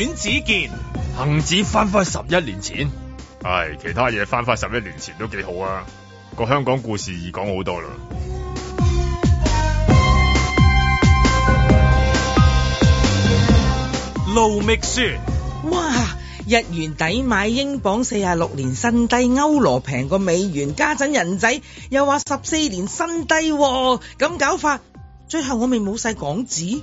阮子健，恒指翻翻十一年前。唉、哎，其他嘢翻翻十一年前都幾好啊，個香港故事已講好多啦。盧覓雪：哇，日元抵買英鎊四廿六年新低，啊，歐羅平過美元，加陣人仔又話十四年新低，咁搞法，最後我咪冇晒港紙。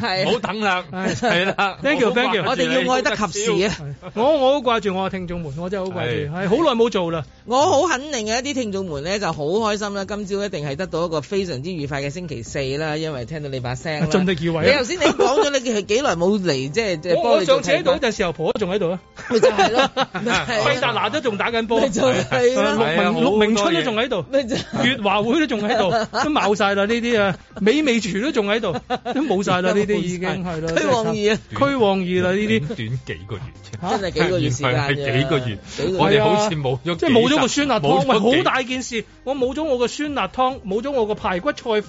係，唔好等啦，係啦。Thank you，thank you，我哋要愛得及時啊！我我好掛住我嘅聽眾們，我真係好掛住。係好耐冇做啦，我好肯定嘅！一啲聽眾們咧就好開心啦，今朝一定係得到一個非常之愉快嘅星期四啦，因為聽到你把聲啦。盡力叫位。你頭先你講咗你幾耐冇嚟，即係即係。我我尚且到，但係時候婆都仲喺度啊！咪就係咯，費達拿都仲打緊波，咪就係咯。陸明陸明春都仲喺度，咪就月華會都仲喺度，都冇晒啦呢啲啊！美味廚都仲喺度，都冇晒啦。呢啲已經係啦，屈旺二啊，屈旺二啦，呢啲短，短，短，短幾個月，真、啊、係幾個月時間嘅。幾個月，我哋好似冇，即係冇咗個酸辣湯，好大件事。我冇咗我個酸辣湯，冇咗我個排骨菜飯，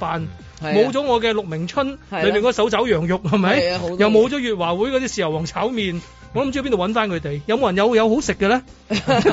冇、嗯、咗、啊、我嘅鹿鳴春裏面嗰手肘羊肉係咪，啊？又冇咗月華會嗰啲豉油皇炒麵，我唔知去邊度揾翻佢哋。有冇人有有好食嘅咧？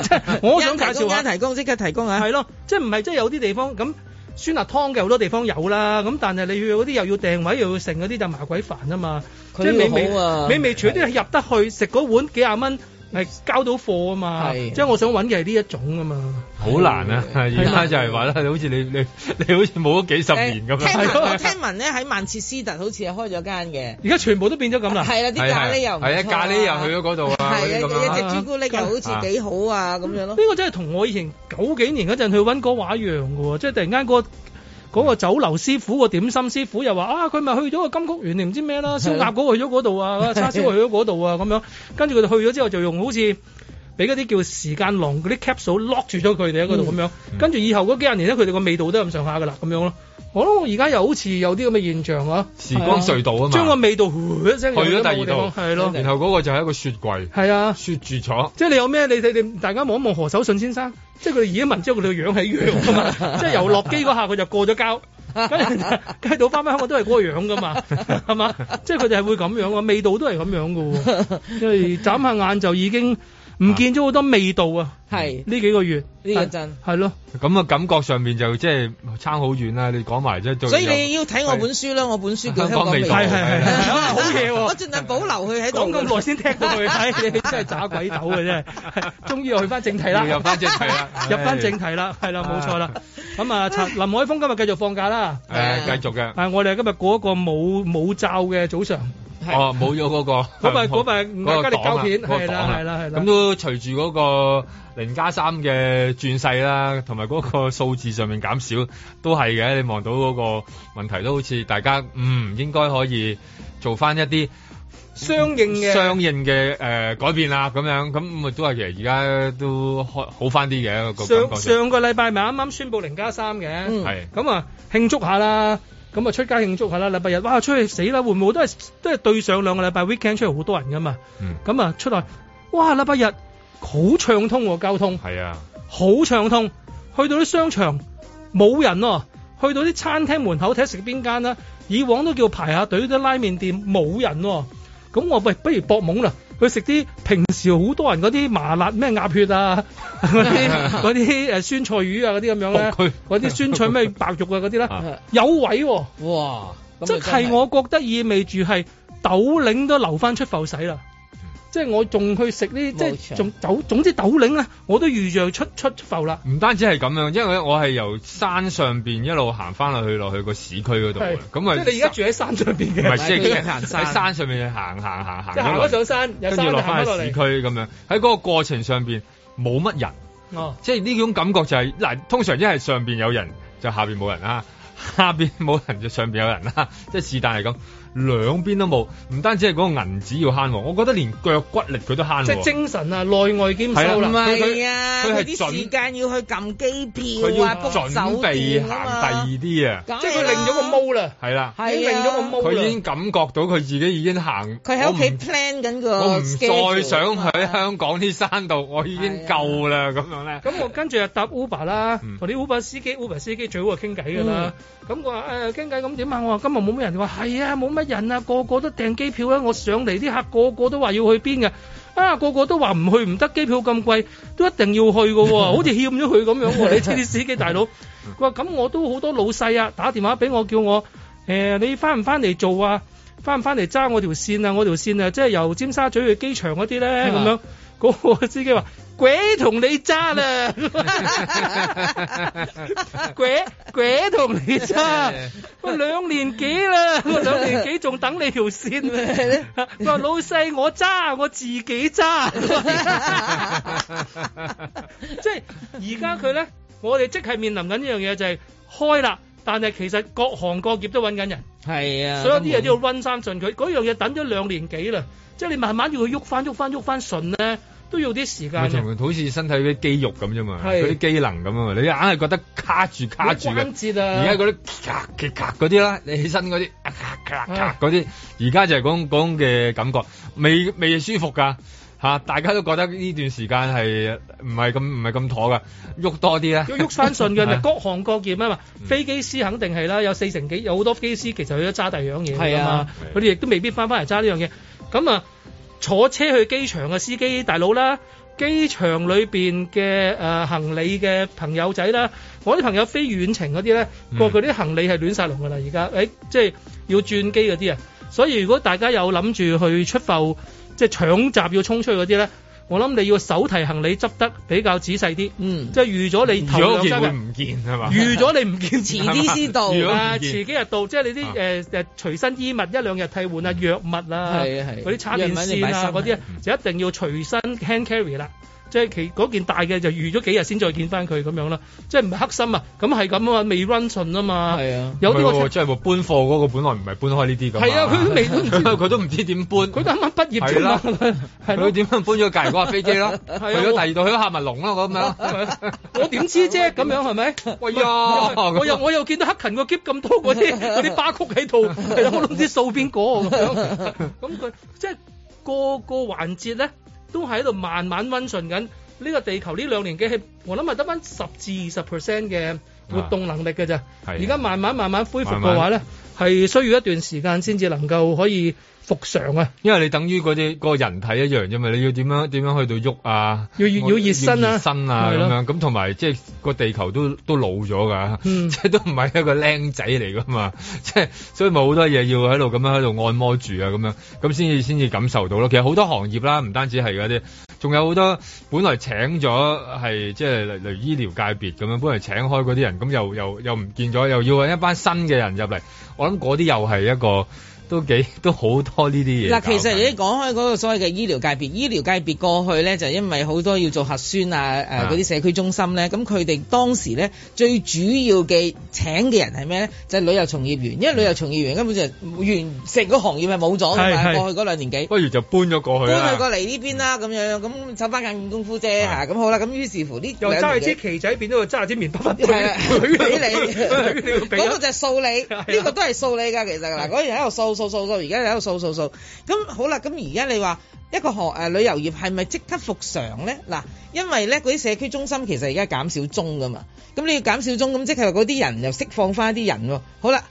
我想介紹下，即刻提供，提供即刻提供啊！係咯，啊，即係唔係即係有啲地方咁。酸辣湯嘅好多地方有啦，咁但係你去嗰啲又要訂位又要盛嗰啲就麻鬼煩啊嘛，好啊，即係美味美味除咗啲入得去食嗰碗幾廿蚊。係交到貨啊嘛，即係、就是、我想揾嘅係呢一種啊嘛。好難啊，而家就係話啦，你好似你你你好似冇咗幾十年咁樣、欸。聽聞 我聽聞咧，喺曼徹斯特好似開咗間嘅。而家全部都變咗咁啦。係啦，啲咖喱又係啊，咖喱又去咗嗰度啊。係啊，一隻朱古力又好似幾好啊，咁、啊、樣咯。呢、嗯這個真係同我以前九幾年嗰陣去揾嗰畫一樣嘅喎，即、就、係、是、突然間嗰、那個。嗰個酒樓師傅個點心師傅又話：啊，佢咪去咗個金曲園你唔知咩啦？燒鴨嗰個去咗嗰度啊，叉燒去咗嗰度啊，咁樣跟住佢哋去咗之後，就用好似俾嗰啲叫時間籠嗰啲 capsule lock 住咗佢哋喺嗰度咁樣。跟住以後嗰幾廿年咧，佢哋個味道都係咁上下噶啦，咁樣咯。我諗我而家又好似有啲咁嘅現象喎。時光隧道啊嘛將個味道呼一聲去咗第二度，啊，然後嗰個就係一個雪櫃，係啊，雪住坐。即係你有咩？你你，你大家望一望何守信先生，即係佢哋耳仔聞之後，佢哋個樣係一樣噶嘛。即係由落機嗰下，佢就過咗膠，跟住跟到返返香港都係嗰個樣㗎嘛，係咪？即係佢哋係會咁樣喎，味道都係咁樣㗎喎，即係眨下眼就已經。唔見咗好多味道啊！係呢幾個月，呢個陣係咯，咁啊感覺上面就即係差好遠啦！你講埋即係，所以你要睇我本書啦，我本書叫係係係係好嘢喎！我盡量保留佢喺度講咁耐先聽到佢，真係真係打鬼鬥嘅真係，終於要去翻正題啦！入翻正題啦，入翻正題啦，係啦，冇錯啦。咁啊，林海峰今日繼續放假啦！誒，繼續嘅。誒，我哋今日過一個冇冇罩嘅早上。哦，冇咗嗰個，嗰 咪，嗰份五百家的交片，係啦係啦係啦，咁都隨住嗰個零加三嘅轉勢啦、啊，同埋嗰個數字上面減少，都係嘅。你望到嗰個問題都好似大家嗯應該可以做翻一啲相應嘅相應嘅誒、呃、改變啦、啊，咁樣咁咁啊都係其實而而家都好翻啲嘅。上上個禮拜咪啱啱宣布零加三嘅，係、嗯、咁啊慶祝下啦！咁啊出街慶祝下啦，禮拜日哇出去死啦，會唔會都係都係對上兩個禮拜 weekend 出嚟，好多人噶嘛，咁、嗯、啊出來哇禮拜日好暢通交通，係啊好暢通，去到啲商場冇人、啊，去到啲餐廳門口睇食邊間啦，以往都叫排下隊啲拉麵店冇人、啊，咁我喂不如搏懵啦。佢食啲平時好多人嗰啲麻辣咩鴨血啊，嗰啲嗰啲酸菜魚啊嗰啲咁樣咧，嗰啲酸菜咩 白肉啊嗰啲咧，呢 有位喎、啊，哇！即係我覺得意味住係豆領都留翻出埠洗啦。即係我仲去食呢，即係仲豆，總之豆嶺啊我都預約出出埠啦。唔單止係咁樣，因為我係由山上邊一路行翻落去落去個市區嗰度嘅。咁啊，就是、即你而家住喺山上邊嘅，喺、就是、山上邊行行行行上山，跟住落翻落市區咁樣，喺嗰個過程上邊冇乜人。哦，即係呢種感覺就係、是、嗱，通常一係上面有人就下面冇人啦，下邊冇人，面人就上面有人啦，即係是但係咁。兩邊都冇，唔單止係嗰個銀紙要慳，我覺得連腳骨力佢都慳。即係精神啊，內外兼修，唔係啊，佢啲、啊、時間要去撳機票要啊，準備，準備行第二啲啊，即係佢令咗個毛啦，係啦，佢令咗個毛。佢已經感覺到佢自己已經行，佢喺屋企 plan 緊個，我唔再想喺香港啲山度、啊，我已經夠啦咁樣咧。咁、啊、我跟住啊搭 Uber 啦，同、嗯、啲 Uber 司機，Uber 司機最好啊傾偈㗎啦。咁、嗯、我話誒傾偈咁點啊？我話今日冇咩人，佢話係啊冇咩。人啊，個個都訂機票咧、啊，我上嚟啲客個個都話要去邊嘅、啊，啊個個都話唔去唔得，機票咁貴，都一定要去㗎喎、啊，好似欠咗佢咁樣喎。 你知啲司機大佬，佢話咁我都好多老細啊，打電話俾我叫我誒、呃，你翻唔翻嚟做啊？翻唔翻嚟揸我條線啊？我條線啊，即係由尖沙咀去機場嗰啲咧咁樣。個 司機話：鬼同你揸啦， 鬼鬼同你揸， 我兩年幾啦，我 兩年幾仲等你條線啊！佢話 老細我揸，我自己揸， 即係而家佢咧，我哋即係面臨緊呢樣嘢就係、是、開啦。但係其實各行各業都搵緊人，係啊，所有啲嘢都要温三順佢，嗰樣嘢等咗兩年幾啦，即係你慢慢要佢喐翻，喐翻，喐翻順咧，都要啲時間。好似身體啲肌肉咁啫嘛，嗰啲機能咁啊，你硬係覺得卡住卡住嘅。關節啊，而家嗰啲卡卡卡嗰啲啦，你起身嗰啲卡卡卡嗰啲，而、啊、家就係講講嘅感覺，未未舒服噶。大家都覺得呢段時間係唔係咁唔係咁妥㗎，喐多啲啦，喐翻順嘅， 各行各業啊嘛。 飛機師肯定係啦，有四成幾，有好多機師其實去咗揸第二樣嘢㗎嘛。佢哋亦都未必翻返嚟揸呢樣嘢。咁啊，坐車去機場嘅司機大佬啦，機場裏面嘅誒、呃、行李嘅朋友仔啦，我啲朋友飛遠程嗰啲咧，嗯、過佢啲行李係亂晒龍㗎啦！而家、欸，即係要轉機嗰啲啊。所以如果大家有諗住去出埠，即係搶閘要衝出去嗰啲咧，我諗你要手提行李執得比較仔細啲。嗯，即係預咗你頭兩日唔見係嘛？預咗你唔見， 見，遲啲先到啊！遲幾日到，即係你啲誒誒隨身衣物一兩日替換啊，藥物啊，嗰、嗯、啲叉電線啊嗰啲啊，就一定要隨身 hand carry 啦。嗯嗯即係其嗰件大嘅就預咗幾日先再見翻佢咁樣啦，即係唔黑心嘛啊，啊，咁係咁啊未 run 順啊嘛，有啲我即係會搬貨嗰個本來唔係搬開呢啲咁。係啊，佢未，佢 佢都唔知點搬，佢啱啱畢業啫嘛，佢點樣搬咗、啊、隔籬架飛機咯？去咗第二度去咗夏麥龍咯咁樣，我點 知啫？咁樣係咪？喂呀，我又我又見到黑勤個 keep 咁多嗰啲嗰啲巴曲喺度、 啊，我都唔知掃邊個咁 樣。咁佢即係個個環節咧。都喺度慢慢温順緊，呢個地球呢兩年嘅氣，我諗係得翻十至二十 percent 嘅活動能力嘅啫。而、啊、家慢慢慢慢恢復嘅話咧。慢慢係需要一段時間先至能夠可以復常啊！因為你等於嗰啲、嗰個人體一樣啫嘛，你要點樣點樣去到喐啊？要要熱身啊？咁、啊、樣咁同埋即係個地球都都老咗㗎、嗯，即係都唔係一個靚仔嚟㗎嘛，即係所以咪好多嘢要喺度咁樣喺度按摩住啊，咁樣咁先至先至感受到咯。其實好多行業啦，唔單止係嗰啲。仲有好多本來請咗係即係例如醫療界別咁樣，本來請開嗰啲人，咁又又又唔見咗，又要揾一班新嘅人入嚟，我諗嗰啲又係一個。都幾都好多呢啲嘢。嗱，其實你講開嗰個所謂嘅醫療界別，醫療界別過去咧就因為好多要做核酸啊，誒嗰啲社區中心咧，咁佢哋當時咧最主要嘅請嘅人係咩咧？就係、是、旅遊從業員，因為旅遊從業員根本就完成個行業係冇咗。係係。過去嗰兩年幾，不如就搬咗過去。搬去過嚟呢邊啦、啊，咁樣咁湊翻眼功夫啫，嚇，咁好啦，咁於是乎呢又揸住支旗仔變咗揸住支棉棒。係啦，佢俾你嗰個就係掃你，呢個都係掃你㗎，其實嗱，嗰人喺度掃。數數數，而家又喺度數數數。咁好啦。咁而家你話一個學誒旅遊業係咪即刻復常咧？嗱，因為咧嗰啲社區中心其實而家減少鐘噶嘛，咁你要減少鐘，咁即係嗰啲人又釋放翻一啲人喎。好啦。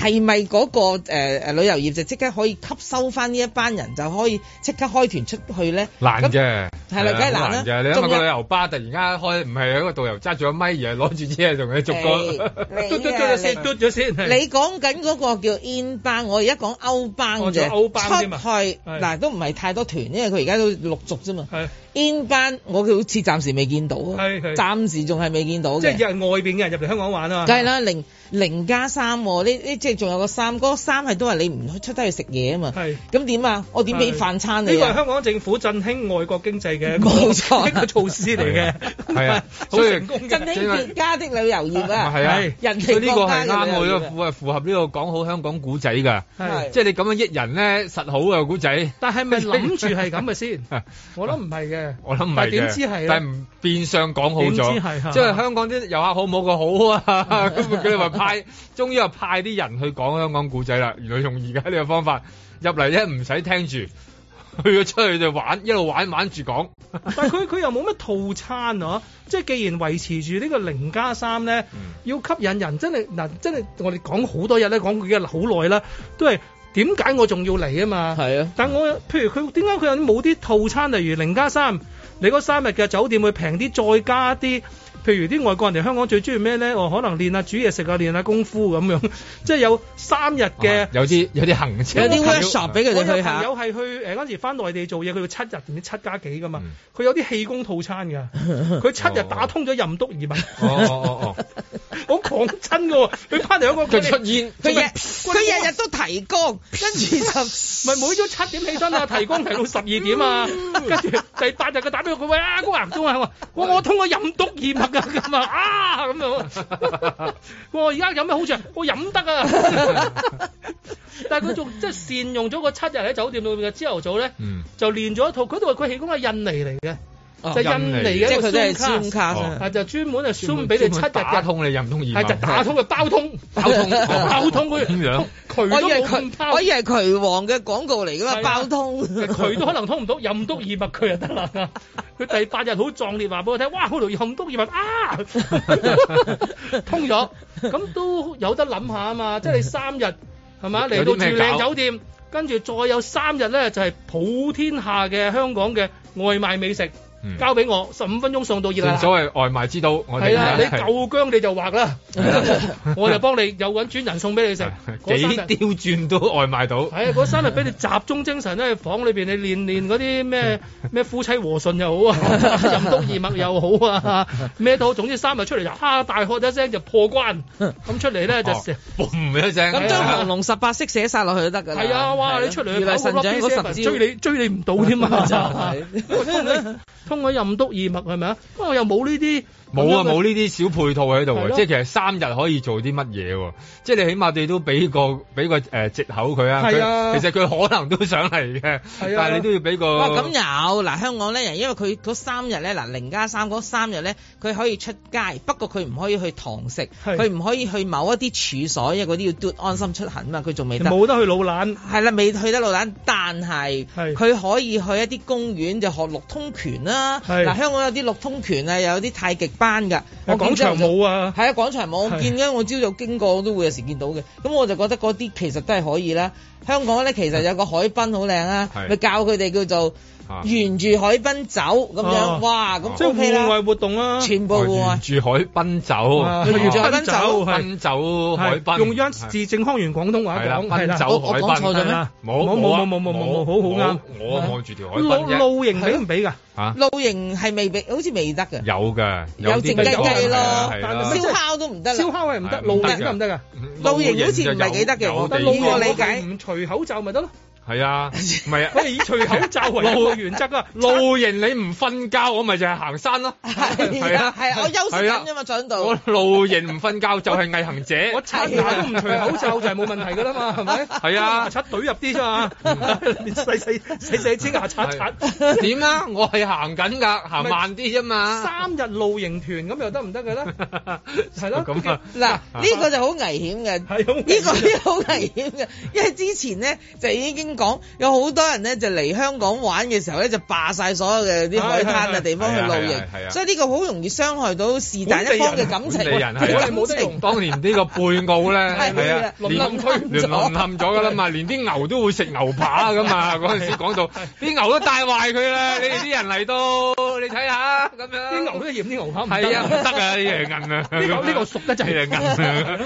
係咪嗰個誒、呃、旅遊業就即刻可以吸收翻呢一班人，就可以即刻開團出去咧？難嘅，係啦，梗係、啊、難啦、啊。咁旅遊巴突然間開，唔係一個導遊揸住個咪，而係攞住嘢同你逐個嘟嘟嘟咗、哎啊、 先，你講緊嗰個叫 in 班，我而家講 out 班嘅，出去嗱、啊、都唔係太多團，因為佢而家都陸續啫嘛。in 班我好似暫時未見到，是是暫時仲係未見到嘅。即、就、係、是、因為外邊嘅人入嚟香港玩啊嘛！梗係啦，零。零加三，呢呢即係仲有個三，嗰個三係都係你唔出得去食嘢啊嘛。係，咁點啊？我點俾飯餐你啊？呢個係香港政府振興外國經濟嘅一個措施嚟嘅。係啊，所以好成功，振興別家的旅遊業啊。係啊，所以呢個係啱我哋嘅，符合呢個講好香港古仔嘅。係，即係你咁樣益人咧，實好嘅古仔。但係咪諗住係咁嘅先？我諗唔係嘅。我諗唔係嘅。但係點知係？但係唔變相講好咗。點知係？即係香港啲遊客好冇個好啊！咁你話？派，終於又派啲人去講香港古仔啦。原來用而家呢個方法入嚟，一唔使聽住，去咗出去就玩，一路玩玩住講。但係佢佢又冇乜套餐啊。即係既然維持住呢個零加三咧，要吸引人真係嗱，真係我哋講好多日咧，講佢嘅好耐啦，都係點解我仲要嚟啊嘛？係啊，但我譬如佢點解佢有冇啲套餐？例如零加三，你嗰三日嘅酒店會平啲，再加啲。譬如啲外國人嚟香港最中意咩咧？我可能練下煮嘢、啊、食啊，練下、啊、功夫咁樣，即係有三日嘅、啊。有啲有啲行程。有啲 WhatsApp 俾佢哋去下。有係去誒嗰陣時翻內地做嘢，佢要七日，甚至七加幾噶嘛。佢、嗯、有啲氣功套餐㗎，佢七日打通咗任督二脈。哦，好講真㗎喎，佢翻嚟有個出現，佢日日都提肛，跟住十咪每朝七點起身啊，提肛提到十二點啊，跟、嗯、住第八日佢打俾我，佢，喂啊高亞中啊、 哦，我通過任督二脈。咁啊啊咁樣，哇！而家飲咩好食？我飲得啊， 但係佢仲即係善用咗個七日喺酒店裏面嘅朝頭早咧，就練咗一套。佢話佢氣功係印尼嚟嘅。就印尼嘅一個通、啊、卡，係、哦、就專門係通俾你七日一打通你任通二百，係就打通嘅包通，包通 包通嗰樣 包通 他。 我以為佢，我以為渠王嘅廣告嚟噶嘛，包通。渠 都可能通唔到，任督二脈佢就得啦。佢 第八日好壯烈話俾我聽，哇！好容易任督二脈啊， 通咗。咁都有得諗下啊嘛，即係你三日係嘛嚟到住靚酒店，跟住再有三日咧就係、是、普天下嘅香港嘅外賣美食。交俾我十五分鐘送到熱辣辣，所謂外賣知道我係啊，你夠姜你就話啦， 我就幫你有搵專人送俾你食。幾刁鑽都外賣到。係嗰、啊、三日俾你集中精神喺房裏邊你練練嗰啲咩咩夫妻和順又好， 好 啊，任督二脈又好啊，咩都總之三日出嚟，就哈大喝一聲就破關，咁、啊、出嚟咧就嘣一聲。咁將黃龍十八式寫晒落去都得噶。係啊，哇！你出嚟神將嗰十招追你追你唔到添 啊，是啊 啊充咗任督二脈係咪啊？不過又冇呢啲，冇啊冇呢啲小配套喺度啊！即係其實三日可以做啲乜嘢喎？即係你起碼你都俾個俾個誒藉口佢啊！係啊，其實佢可能都想嚟嘅，但係你都要俾個。哇！咁有嗱香港咧，因為佢嗰三日咧嗱零加三嗰三日咧，佢可以出街，不過佢唔可以去堂食，佢唔可以去某一啲處所，因為嗰啲要安心出行啊嘛，佢仲未得。冇得去老蘭。係啦，未去得老蘭。但係佢可以去一啲公園，就學六通拳啦，嗱香港有啲六通拳啊，有啲太極班噶、啊，我廣場舞啊，係啊廣場舞，我見咧我朝早經過都會有時見到嘅，咁我就覺得嗰啲其實都係可以啦。香港咧其實有個海濱好靚啊，咪教佢哋叫做沿住海濱走咁樣、啊、哇咁即係戶外活動啦、啊，全部沿住海濱走，啊、沿住海濱走，啊海濱走，啊、走，走，海濱走海濱，用央視正康園廣東話講，走海濱錯咗啦，冇冇冇冇冇冇冇，好好啱，我望住條海濱，露露營俾唔俾㗎？啊、露營係未俾，好似未得嘅。有嘅，有靜雞雞咯，燒烤都唔得啦。燒烤係唔得，露營，露營，露營不得唔得啊？露營好似唔係幾得嘅，我依個理解唔除口罩咪得咯。係啊，唔係啊，我以除口罩為原則啊。露營你唔瞓覺，我咪就係行山咯。係啊，係我休息咁啫嘛，進度。我露營唔瞓覺就係毅行者。我刷牙都唔除口罩就係冇問題噶啦嘛，係咪？係啊，刷懟入啲啫嘛，細細細細隻牙刷刷。點啊？我係行緊噶，行慢啲啫嘛。三日露營團咁又得唔得噶啦？係咯，咁嗱，呢個就好危險嘅，呢個呢好危險嘅，因為之前呢就已經。講有好多人咧就嚟香港玩嘅時候咧就霸曬所有嘅啲海灘嘅地方去露營，所以呢個好容易傷害到是但一方嘅感情。本地人，如果你冇得用，當年呢個貝澳咧，係啊，亂咁推，連淪陷咗㗎啦嘛，連啲牛都會食牛扒㗎嘛。嗰陣時講到啲牛都帶壞佢啦，你哋啲人嚟到，你睇下咁樣，啲牛都嫌啲牛扒唔得，唔得啊！呢樣銀啊，呢個呢個熟得滯啊銀啊！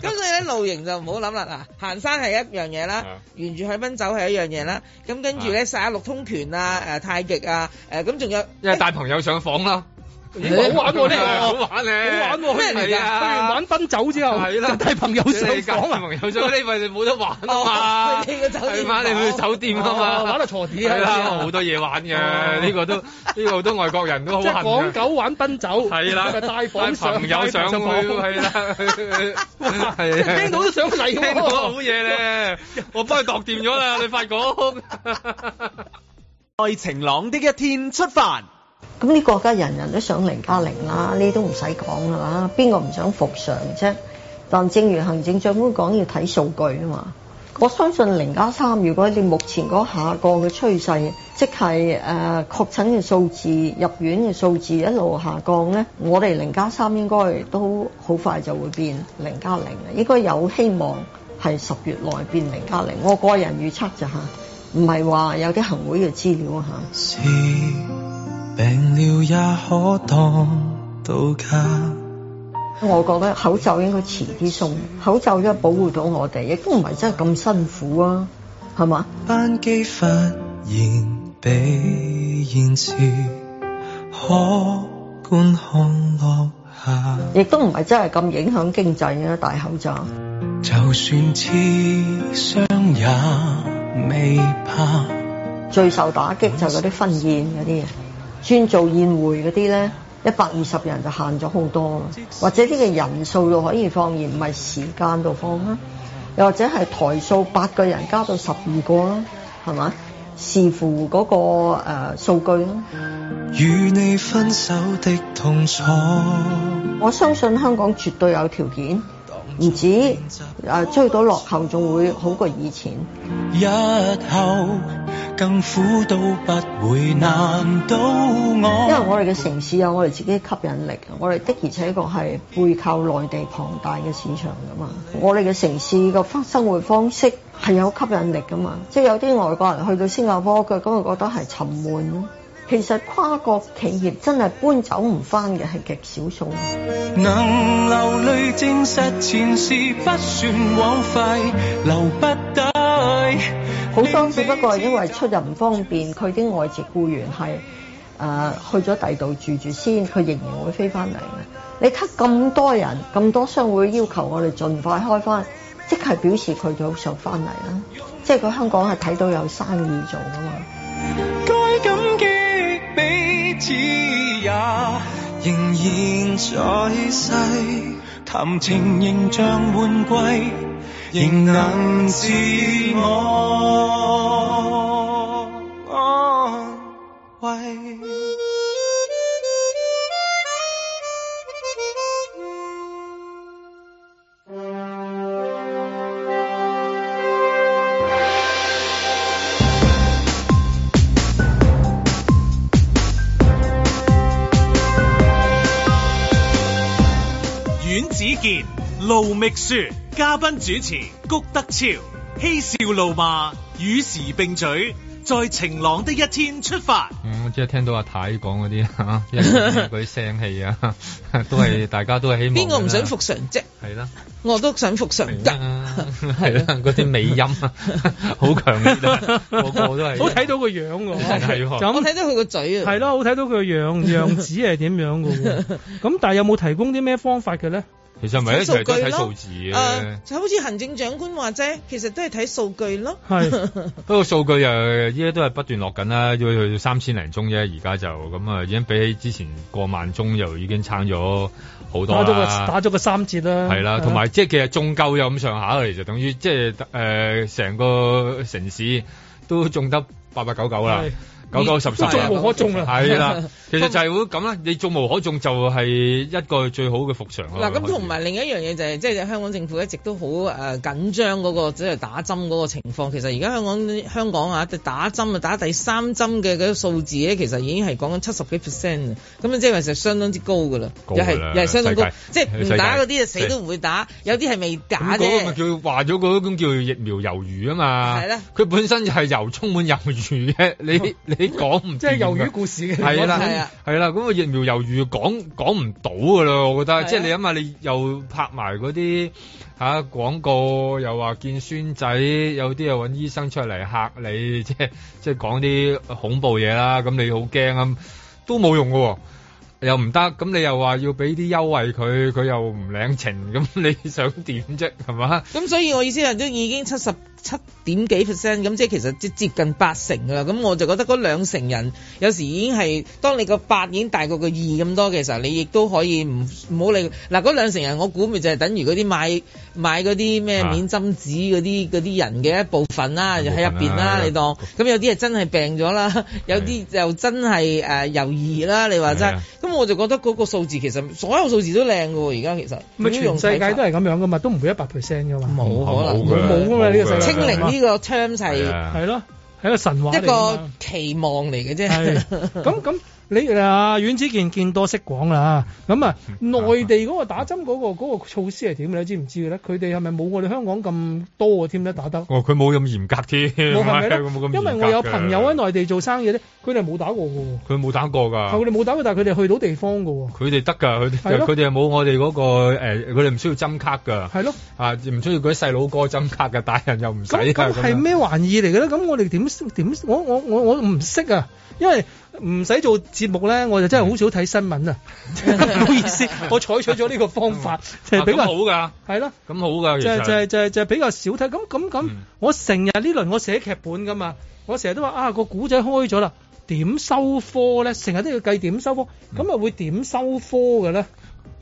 咁所以咧露營就唔好諗啦，行山係一樣嘢啦，沿住去乜？走、就、係、是、一樣嘢啦，咁跟住咧，卅六通拳啊，誒，太極啊，誒、呃，咁仲有，因為帶朋友上房啦。你好玩喎呢個，好玩咧、啊，好玩喎，咩嚟噶？玩奔走之後，係啦、啊，帶朋友上房啊，朋友上，呢份你冇得玩啊嘛，夜、啊、晚你去酒、啊、酒店啊嘛、啊啊啊，玩到坐地啊，好、啊啊、多嘢玩嘅，呢、啊這個都呢、這個、 個都外國人都好。講、就是、狗玩奔走，係啦、啊，帶朋友上去，係 啦，啊、 聽到都想嚟， 聽到好嘢咧， 我幫佢度掂咗啦， 你快發講光。在 晴朗的一天出發。咁啲國家人人都想零加零啦，都呢都唔使講啦，邊個唔想復常啫？但正如行政長官講，要睇數據啊嘛。我相信零加三，如果你目前嗰下降嘅趨勢，即係誒確診嘅數字、入院嘅數字一路下降咧，我哋零加三應該都好快就會變零加零，應該有希望係十月內變零加零。我個人預測就吓，唔係話有啲行會嘅資料吓。病了也可當到家，我覺得口罩應該遲啲送，口罩應該保護到我哋，亦都唔係真係咁辛苦啊，係嘛？班機忽然被延遲，可觀看落下，亦都唔係真係咁影響經濟啊，戴口罩。就算刺傷也未怕。最受打擊就係嗰啲婚宴嗰啲嘢。專做宴會嗰啲咧，一百二十人就限咗好多啦。或者啲嘅人數都可以放而唔係時間度放啦。又或者係台數八個人加到十二個啦，係嘛？視乎嗰個、呃、數據啦。與你分手的痛楚。我相信香港絕對有條件。唔止誒、啊、追到落後，仲會好過以前。日後更苦，都不會難到我。因為我哋嘅城市有我哋自己嘅吸引力，我哋的而且確係背靠內地龐大嘅市場㗎嘛。我哋嘅城市個生活方式係有吸引力㗎嘛，即係有啲外國人去到新加坡嘅，咁佢覺得係沉悶。其實跨國企業真係搬走唔翻嘅係極少數。好多只不過係因為出入唔方便，佢啲外籍雇員係誒、呃、去咗第度住住先，佢仍然會飛翻嚟嘅。你睇咁多人、咁多商會要求我哋盡快開翻，即係表示佢就想翻嚟啦。即係佢香港係睇到有生意做啊嘛。此也仍然在世，談情仍像換季，仍能自我安慰。子健、盧覓雪、嘉賓主持谷德昭，嬉笑怒罵，與時並嘴，在晴朗的一天出發。嗯，即係聽到阿太講嗰啲吓，嗰啲聲氣啊，都係大家都係希望。邊個唔想復常啫？係啦，我都想復常啫。係啦，嗰啲 美音， 好強強嘅烈，個 個都係。好睇到個樣喎，有冇睇到佢個嘴啊？ 係咯，好睇到佢個樣樣子係點樣嘅。咁 但係有冇提供啲咩方法嘅咧？其實唔係，一齊都睇數字嘅啊，就好似行政長官話啫。其實都係睇數據咯。係， 數不過數據又依家都係不斷落緊啦，要要三千零宗啫。而家就咁啊，已、嗯、經比起之前過萬宗，又已經差咗好多啦。打咗個打咗個三折啦。係啦，同埋即係其實中夠又咁上下，其實等於即係誒，成、呃、個城市都中得八八九九啦。九到十三，三眾無可中啦，係 啦。其實就係會咁啦，你做無可中就係一個最好嘅復常嗱，咁同埋另一樣嘢就係、是，即係香港政府一直都好誒緊張嗰個即係打針嗰個情況。其實而家香港香港啊，打針啊打第三針嘅嗰啲數字咧，其實已經係講緊七十幾 percent 咁，即係話就相當之高噶啦，又係又係相當高，即係唔打嗰啲就死都唔會打，有啲係未打啫。嗰啊叫話咗嗰種叫疫苗猶豫啊嘛，係啦，佢本身就係由充滿猶豫嘅你。嗯你講唔即係魷魚故事嘅係啦係啊係啦，咁個疫苗猶豫講講唔到噶啦，我覺得即係你諗下，你又拍埋嗰啲吓廣告，又話見孫仔，有啲又搵醫生出嚟嚇你，即係即係講啲恐怖嘢啦，咁你好驚啊，都冇用㗎喎，又唔得，咁你又話要俾啲優惠佢，佢又唔領情，咁你想點啫，係嘛？咁所以我意思係都已經七十。七點幾 percent，咁即係其實接接近八成噶啦，咁我就覺得嗰兩成人有時已經係，當你個八已經大過個二咁多嘅時候，其實你亦都可以唔唔好理嗱嗰兩成人，我估咪就係等於嗰啲買買嗰啲咩免針紙嗰啲嗰啲人嘅一部分啦，就喺入邊啦、啊，你當咁有啲係真係病咗啦，有啲又真係誒猶豫啦，你話真。咁我就覺得嗰個數字其實所有數字都靚㗎喎，而家其實咪全世界都係咁樣噶嘛，都唔會一百 percent 㗎嘛，冇可能冇㗎嘛呢個世界。精靈呢個 term 係咯，係、啊啊、一個神話，一個期望嚟嘅啫。咁咁。你啊，阮子健見多識廣啦。咁啊，內地嗰個打針嗰、嗰個嗰個措施係點咧？你知唔知嘅咧？佢哋係咪冇我哋香港咁多㗎？添咧打得打？哦，佢冇咁嚴格添，冇、啊、咁嚴格因為我有朋友喺內地做生意咧，佢哋冇打過㗎。佢冇打過㗎。佢哋冇打過，但係佢哋去到地方㗎。佢哋得㗎，佢哋佢哋冇我哋嗰、嗰個佢哋唔需要針卡㗎。係咯。啊，唔需要嗰啲細佬哥針卡㗎，大人又唔使㗎。係咩玩意嚟嘅咧？咁我哋點點我我我我唔識啊，因為。唔使做節目咧，我就真係好少睇新聞啊！唔、嗯、 好意思， 我採取咗呢個方法，就係、係、比較、啊、好㗎，係啦咁好㗎、就係，就係、係、就係、係、就比較少睇。咁咁咁，我成日呢輪我寫劇本㗎嘛，我成日都話啊個古仔開咗啦，點收科咧？成日都要計點收科，咁、嗯、啊會點收科嘅咧？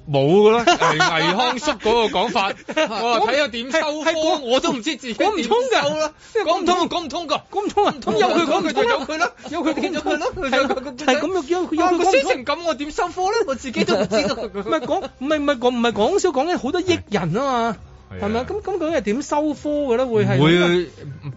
冇噶啦，係 倪、啊、康叔嗰個講法。我話睇下點收科， 我都唔知自己點收啦。講 唔通就講唔通噶，講唔通唔通，有佢講，佢就有佢啦，有佢見咗佢咯。係係咁又叫？有個輸成咁，我點收科咧？我自己都唔知噶。唔係講唔係唔係講唔係講少講緊好多億人啊嘛，係咪啊？咁咁究竟係點收科嘅咧會係會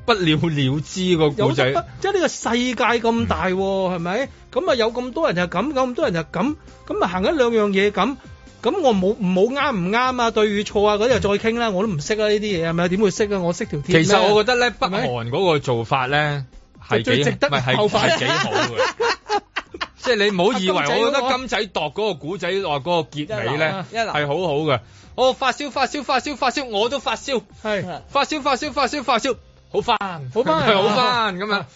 不了了之個古仔。即係呢個世界咁大，係咪？咁啊有咁多人就咁，有咁多人就咁，咁啊行緊兩樣嘢咁。咁我冇唔好啱唔啱啊，對與錯啊嗰啲就再傾啦，我都唔識啊呢啲嘢係咪啊？點會識啊？我識條鐵。其實我覺得呢，北韓嗰個做法呢，係幾最值得後法咧， 好 即係你唔好以為我覺得金仔度嗰個古仔話嗰個結尾呢係、啊、好好㗎。我發燒發燒發燒發燒，我都發燒，發燒發燒發燒發燒，好翻 好翻好翻咁啊！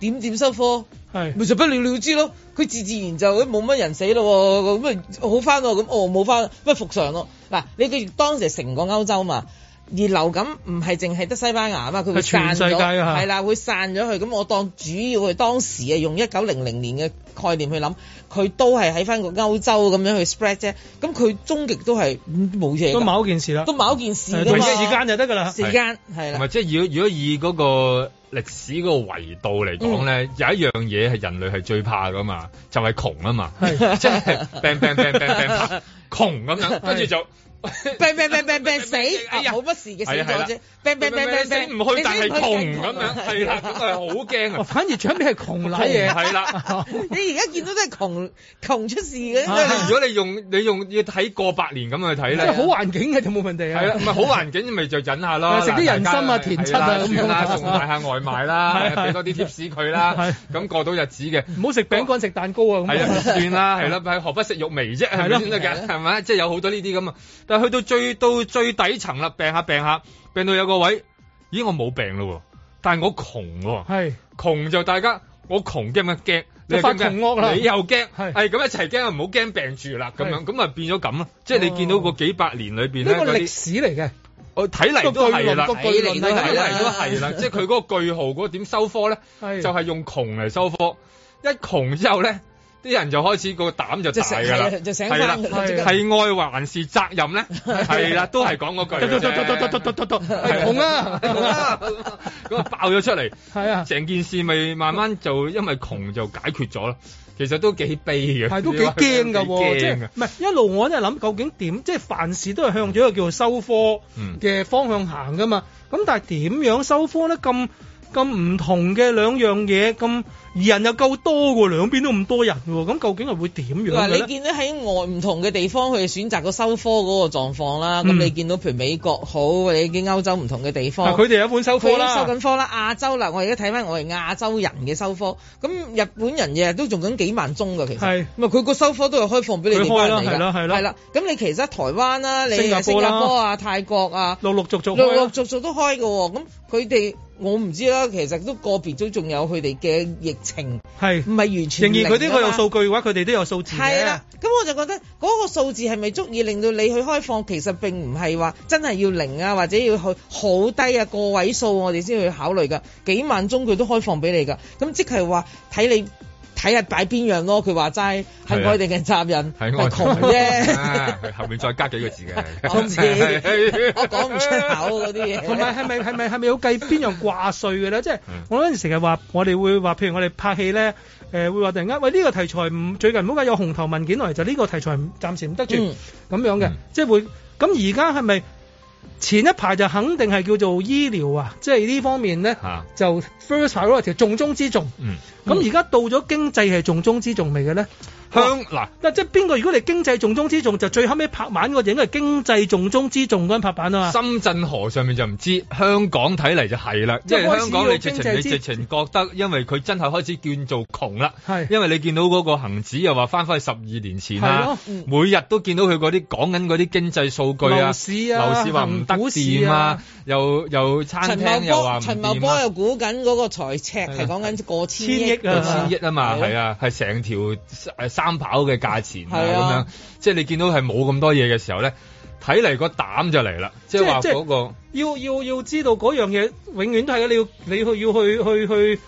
點點收科，係咪就不了了之咯？佢自自然就冇乜人死咯，咁好翻喎、喔，咁哦冇翻，乜復常咯。嗱，你佢當時成個歐洲嘛？而流感唔係淨係得西班牙啊嘛，佢會散咗，全世界啊，係啦，會散咗去。咁我當主要佢當時啊，用一九零零年嘅概念去諗，佢都係喺翻個歐洲咁樣去 spread 啫。咁佢終極都係冇嘢，都某件事啦，都某件事噶嘛。時間就得噶啦，時間係啦。咪係即係如，如果以嗰個。歷史嗰個維度嚟講咧，有一樣嘢係人類係最怕噶嘛，就係、是、窮啊嘛，即係 bang bang bang bang bang 窮咁樣，跟住就。病病病病病死，啲、哎、好、啊、不時嘅時候啫。病病病病病唔去，但係窮咁樣，係啦，咁我係好驚啊。反而最屘係窮喇、啊、嘢，係啦。 是的 你而家見到都係窮 窮出事嘅。如果你用你用要睇過百年咁去睇咧，即、啊、係好環境嘅就冇問題啊。係啦，唔係好環境咪就忍下咯。食啲人心啊，甜心啦，仲買、啊、 下外賣啦，俾多啲貼士佢啦，咁過到日子嘅。唔好食餅乾，食蛋糕啊。係啊，算啦，係啦，何不食肉糜啫？係咪先得㗎？係咪？即係有好多呢啲咁啊。但係去到最到最底層啦，病下病下，病到有個位，咦我冇病咯，但係我窮、啊，係窮就大家我窮驚乜驚？你發窮惡啦，你又驚，係咁、哎、一齊驚，唔好驚病住啦，咁樣咁啊變咗咁啦，即係你見到個幾百年裏邊咧、這個歷史嚟嘅，我睇嚟都係啦，睇嚟都係啦，啊、 即係佢嗰個句號嗰點、那個、收科咧，就係、是、用窮嚟收科，一窮之後咧。啲人就開始個膽就大㗎啦，係啊，係愛還是責任咧？係啦、啊，都係講嗰句。係窮 啊，咁啊爆咗出嚟，係啊，成、啊啊 啊啊、 件事咪慢慢就因為窮就解決咗啦。其實都幾悲嘅，係都幾驚㗎，即係唔係一路我都係諗究竟點，即係、就是、凡事都係向咗一個叫做收科嘅方向行㗎嘛。咁、嗯、但係點樣收科咧咁？咁唔同嘅兩樣嘢，咁人又夠多噶喎，兩邊都咁多人喎，咁究竟係會點樣嗱？你見到喺外唔同嘅地方去選擇個收科嗰個狀況啦，咁、嗯、你見到譬如美國好，你見歐洲唔同嘅地方，佢哋有一本收科啦？收緊科啦，亞洲啦，我而家睇翻我係亞洲人嘅收科，咁日本人日日都做緊幾萬宗噶，其實係，咁佢個收科都有開放俾你哋嘅，係啦，係啦，係啦，咁你其實台灣啦，你新加坡啊，泰國啊，陸陸續續，陸陸續續都開嘅，咁佢哋。我唔知啦，其實都個別都仲有佢哋嘅疫情，係唔係完全？仍然佢呢個有數據嘅話，佢哋都有數字嘅。係啦，咁我就覺得嗰個數字係咪足以令到你去開放？其實並唔係話真係要零啊，或者要去好低啊個位數，我哋先去考慮噶。幾萬宗佢都開放俾你噶，咁即係話睇你。睇下擺邊樣咯，佢話齋係我哋嘅責任，我、啊啊、窮啫。啊、 後面再加幾個字嘅，我講唔出口嗰啲嘢。同埋係咪係咪係咪要計邊樣掛稅嘅咧？即係我嗰陣成日話，我哋會話，譬如我哋拍戲咧，誒、呃、會話突然間，喂呢、呢個題材唔最近唔好嘅有紅頭文件嚟，就、這、呢個題材暫時唔得住咁、嗯、樣嘅、嗯，即係會咁而家係咪？前一排就肯定係叫做醫療啊，即係呢方面咧就 first priority，重中之重。嗯，咁而家到咗經濟係重中之重未嘅咧？香嗱，嗱、哦、即係邊個？如果你經濟重中之重，就最後尾拍板嗰陣，應該係經濟重中之重嗰陣拍板啊！深圳河上面就唔知，香港睇嚟就係啦，即係香港你直情你直情覺得，因為佢真係開始建造窮啦，係，因為你見到嗰個恒指又話翻返去十二年前啦，每日都見到佢嗰啲講緊嗰啲經濟數據啊，樓市啊，樓市話唔得掂啊，又又餐廳又話唔得。啊，陳茂波又估緊嗰個財赤係講緊過千億，千億啊嘛，係啊，係成條單跑嘅價錢咁、啊啊、樣，即係你見到係冇咁多嘢嘅時候咧，睇嚟個膽就嚟啦。即係話嗰個要要要知道嗰樣嘢，永遠都係你要你去要去去去去，去，去，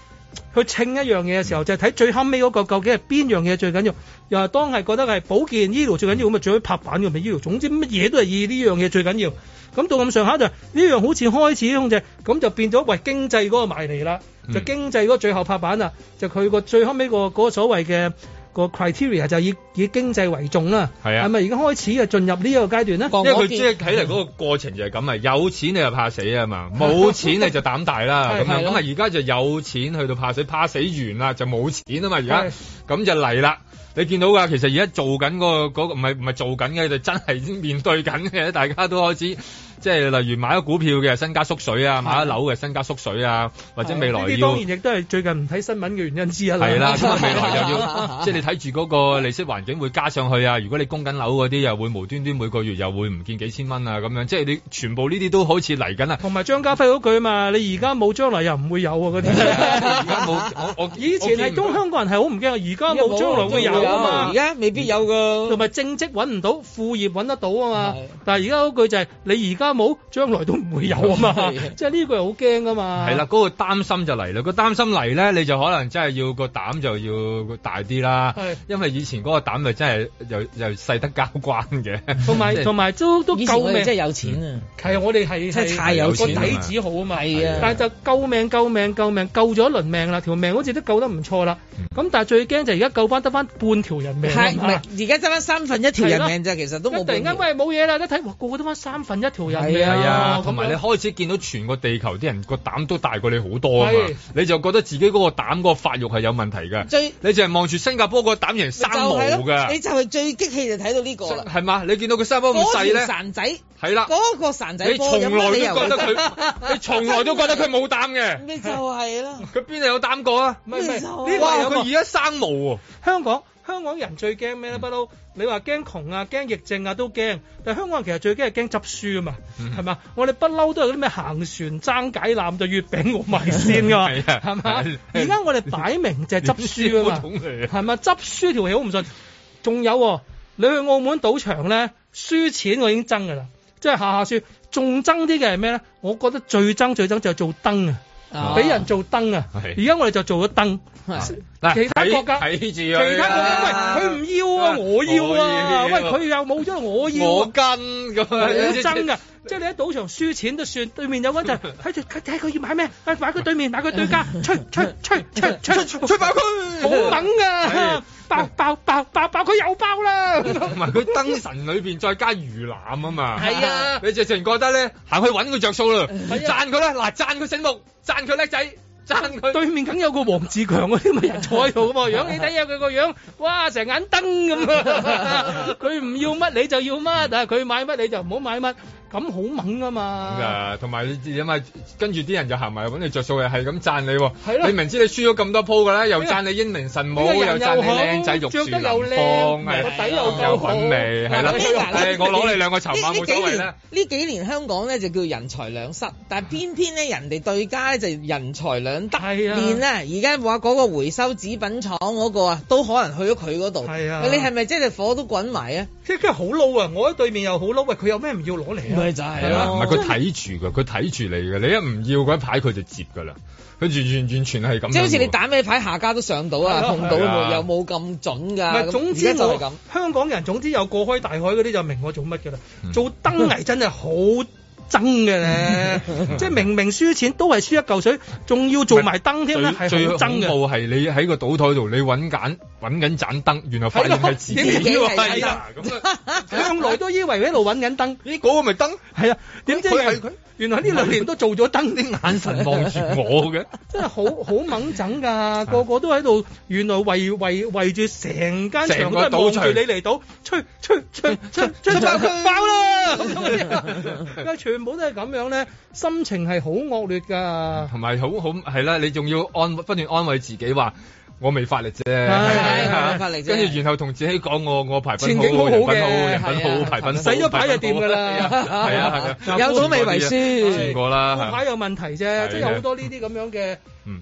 去稱一樣嘢嘅時候，嗯、就係、是、睇最後尾、那、嗰個究竟係邊樣嘢最緊要，嗯、又係當係覺得係保健醫療最緊要咁啊，嗯、最好拍板嘅咪醫療。總之乜嘢都係以呢樣嘢最緊要。咁到咁上下就呢、是、樣好似開始控制，咁就變咗為經濟嗰個埋嚟啦，就經濟嗰最後拍板啦就佢個最後尾嗰個所謂嘅。個 criteria 就以以經濟為重啦，係啊，係咪而家開始啊進入呢個階段咧？因為佢即係睇嚟嗰個過程就係咁啊，有錢你就怕死啊嘛，冇錢你就膽大啦咁樣，咁啊而家就有錢去到怕死，怕死完啦就冇錢啊嘛，而家咁就嚟啦。你見到噶，其實而家做緊嗰個嗰個唔係唔係做緊嘅，就真係已經面對緊嘅，大家都開始。即係例如買咗股票嘅身家縮水啊，買咗樓嘅身家縮水啊，或者未來要……呢啲當然亦都係最近唔睇新聞嘅原因之一啦。係啦，未來又要 即係你睇住嗰個利息環境會加上去啊。如果你供緊樓嗰啲，又會無端端每個月又會唔見幾千蚊啊咁樣。即係你全部呢啲都好似嚟緊啊。同埋張家輝嗰句啊嘛，你而家冇，將來又唔會有嗰、啊、啲。而家冇，我，我以前係都香港人係好唔驚，而家冇將來會有、啊，而家未必有㗎、啊。同埋正職揾唔到，副業揾得到啊嘛。但係而家嗰句就係、是、你而家。冇，將來都唔會有啊嘛！即係呢個又好驚㗎嘛，係啦，嗰個擔心就嚟啦。個擔心嚟咧，你就可能真係要個膽就要大啲啦。係，因為以前嗰個膽咪真係又又細得交關嘅。同埋同埋都都救命，真係有錢啊！係我哋係太有個底子好啊嘛，係啊！但係就救命救命救命救咗一輪命啦，條命好似都救得唔錯啦。咁但係最驚就而家救翻得翻半條人命，係唔係？而家得翻三份一條人命咋，其實都冇。突然間喂冇嘢啦，一睇哇個個都翻三分一條人。係啊，同埋你開始見到全個地球啲人個膽都大過你好多啊嘛，你就覺得自己嗰個膽嗰個發育係有問題噶，最你淨係望住新加坡個膽型生毛噶，就是，你就係最激氣就睇到呢個啦，係嘛？你見到佢生毛咁細咧，孱仔係啦，嗰個孱仔，你從來都覺得佢， 你從來都覺得佢冇膽嘅，你就係咯，佢邊度有膽過啊？哇！佢而家生毛，香港。香港人最驚咩咧？不嬲，你話驚窮啊，驚疫症啊，都驚。但係香港人其實最驚係驚執輸啊嘛，係、嗯、嘛？ 是吧 我哋不嬲都係啲咩行船爭解纜就月餅我埋先噶嘛，係 嘛？而家我哋擺明就係執輸啊嘛，係嘛？執輸條氣好唔順。仲有、哦，你去澳門賭場咧，輸錢我已經爭噶啦，即、就、係、是、下下輸。仲爭啲嘅係咩咧？我覺得最爭最爭就係做燈啊！俾人做燈啊！而、啊、家我哋就做咗燈。嗱、啊，其他國家、啊，其他國家，喂、啊，佢唔要啊，啊，我要啊，要啊喂，佢又冇咗、啊，我要。我跟咁好憎啊！ 我要 爭 即係你喺賭場輸錢都算，對面有嗰陣喺度，睇佢要買咩？買佢對面，買佢對家， 吹吹吹吹吹爆佢， 好猛啊！爆爆爆爆爆佢又爆啦！同埋佢燈神裏邊再加魚腩啊嘛！係啊，你直情覺得咧，行去搵佢着數啦，讚佢啦，嗱讚佢醒目，讚佢叻仔，讚佢。對面梗有個黃志強嗰啲咪坐喺度咁啊樣， 你睇下佢個樣，哇成眼燈咁。佢唔要乜你就要乜！但係！佢買乜你就唔好買乜。咁好猛噶嘛？同、yeah, 埋你咁啊，跟住啲人就行埋揾你着數，又係咁讚你。係咯，你明知你輸咗咁多鋪㗎啦，又讚你英明神武、這個，又讚你靚仔肉，玉樹，又底、啊、有又滾味，係啦、啊。我攞你兩個籌碼冇用啦。呢、啊啊啊啊啊啊啊啊、幾年呢？呢幾年香港咧就叫人財兩失，但偏偏咧人哋對家就人財兩、啊、得面。連咧而家話嗰個回收紙品廠嗰個啊，都可能去咗佢嗰度。係啊，啊，你係咪即係火都滾埋啊？即係好撈啊！我喺對面又好撈，喂，佢有咩唔要攞嚟啊？佢就係咯，唔係佢睇住噶，佢睇住你嘅。你一唔要嗰一牌，佢就接噶啦。佢完完全全係咁。即係好似你打咩牌，下家都上到啊，碰、啊、到有冇咁準噶？總之就係咁，香港人總之有過開大海嗰啲就明我做乜㗎啦。做燈藝真係好。嗯爭嘅咧，即係明明輸錢都係輸一嚿水，仲要做埋燈添咧，係嘅。最恐怖係你喺個賭台度，你揾揀揾緊盞燈，原來發現係自己。向 來都以為喺度揾緊燈，咦嗰個咪燈？係啊，點知原來呢兩年都做咗燈，啲 眼神望住我嘅， 真係好好猛陣噶，個個都喺度。原來圍圍圍住成間場都望住你嚟到。吹吹吹吹吹爆啦！冇都係咁樣咧，心情係好惡劣㗎，同埋好好係啦，你仲要安不斷安慰自己話：我未發力啫，係啊，發力啫。跟住然後同自己講：我我排前景好好嘅，品好，很好品，好品，好品，好品好，排品洗咗牌就掂㗎啦。係啊係啊，有咗未為輸。試過啦，牌有問題啫、嗯，即係有好多呢啲咁樣嘅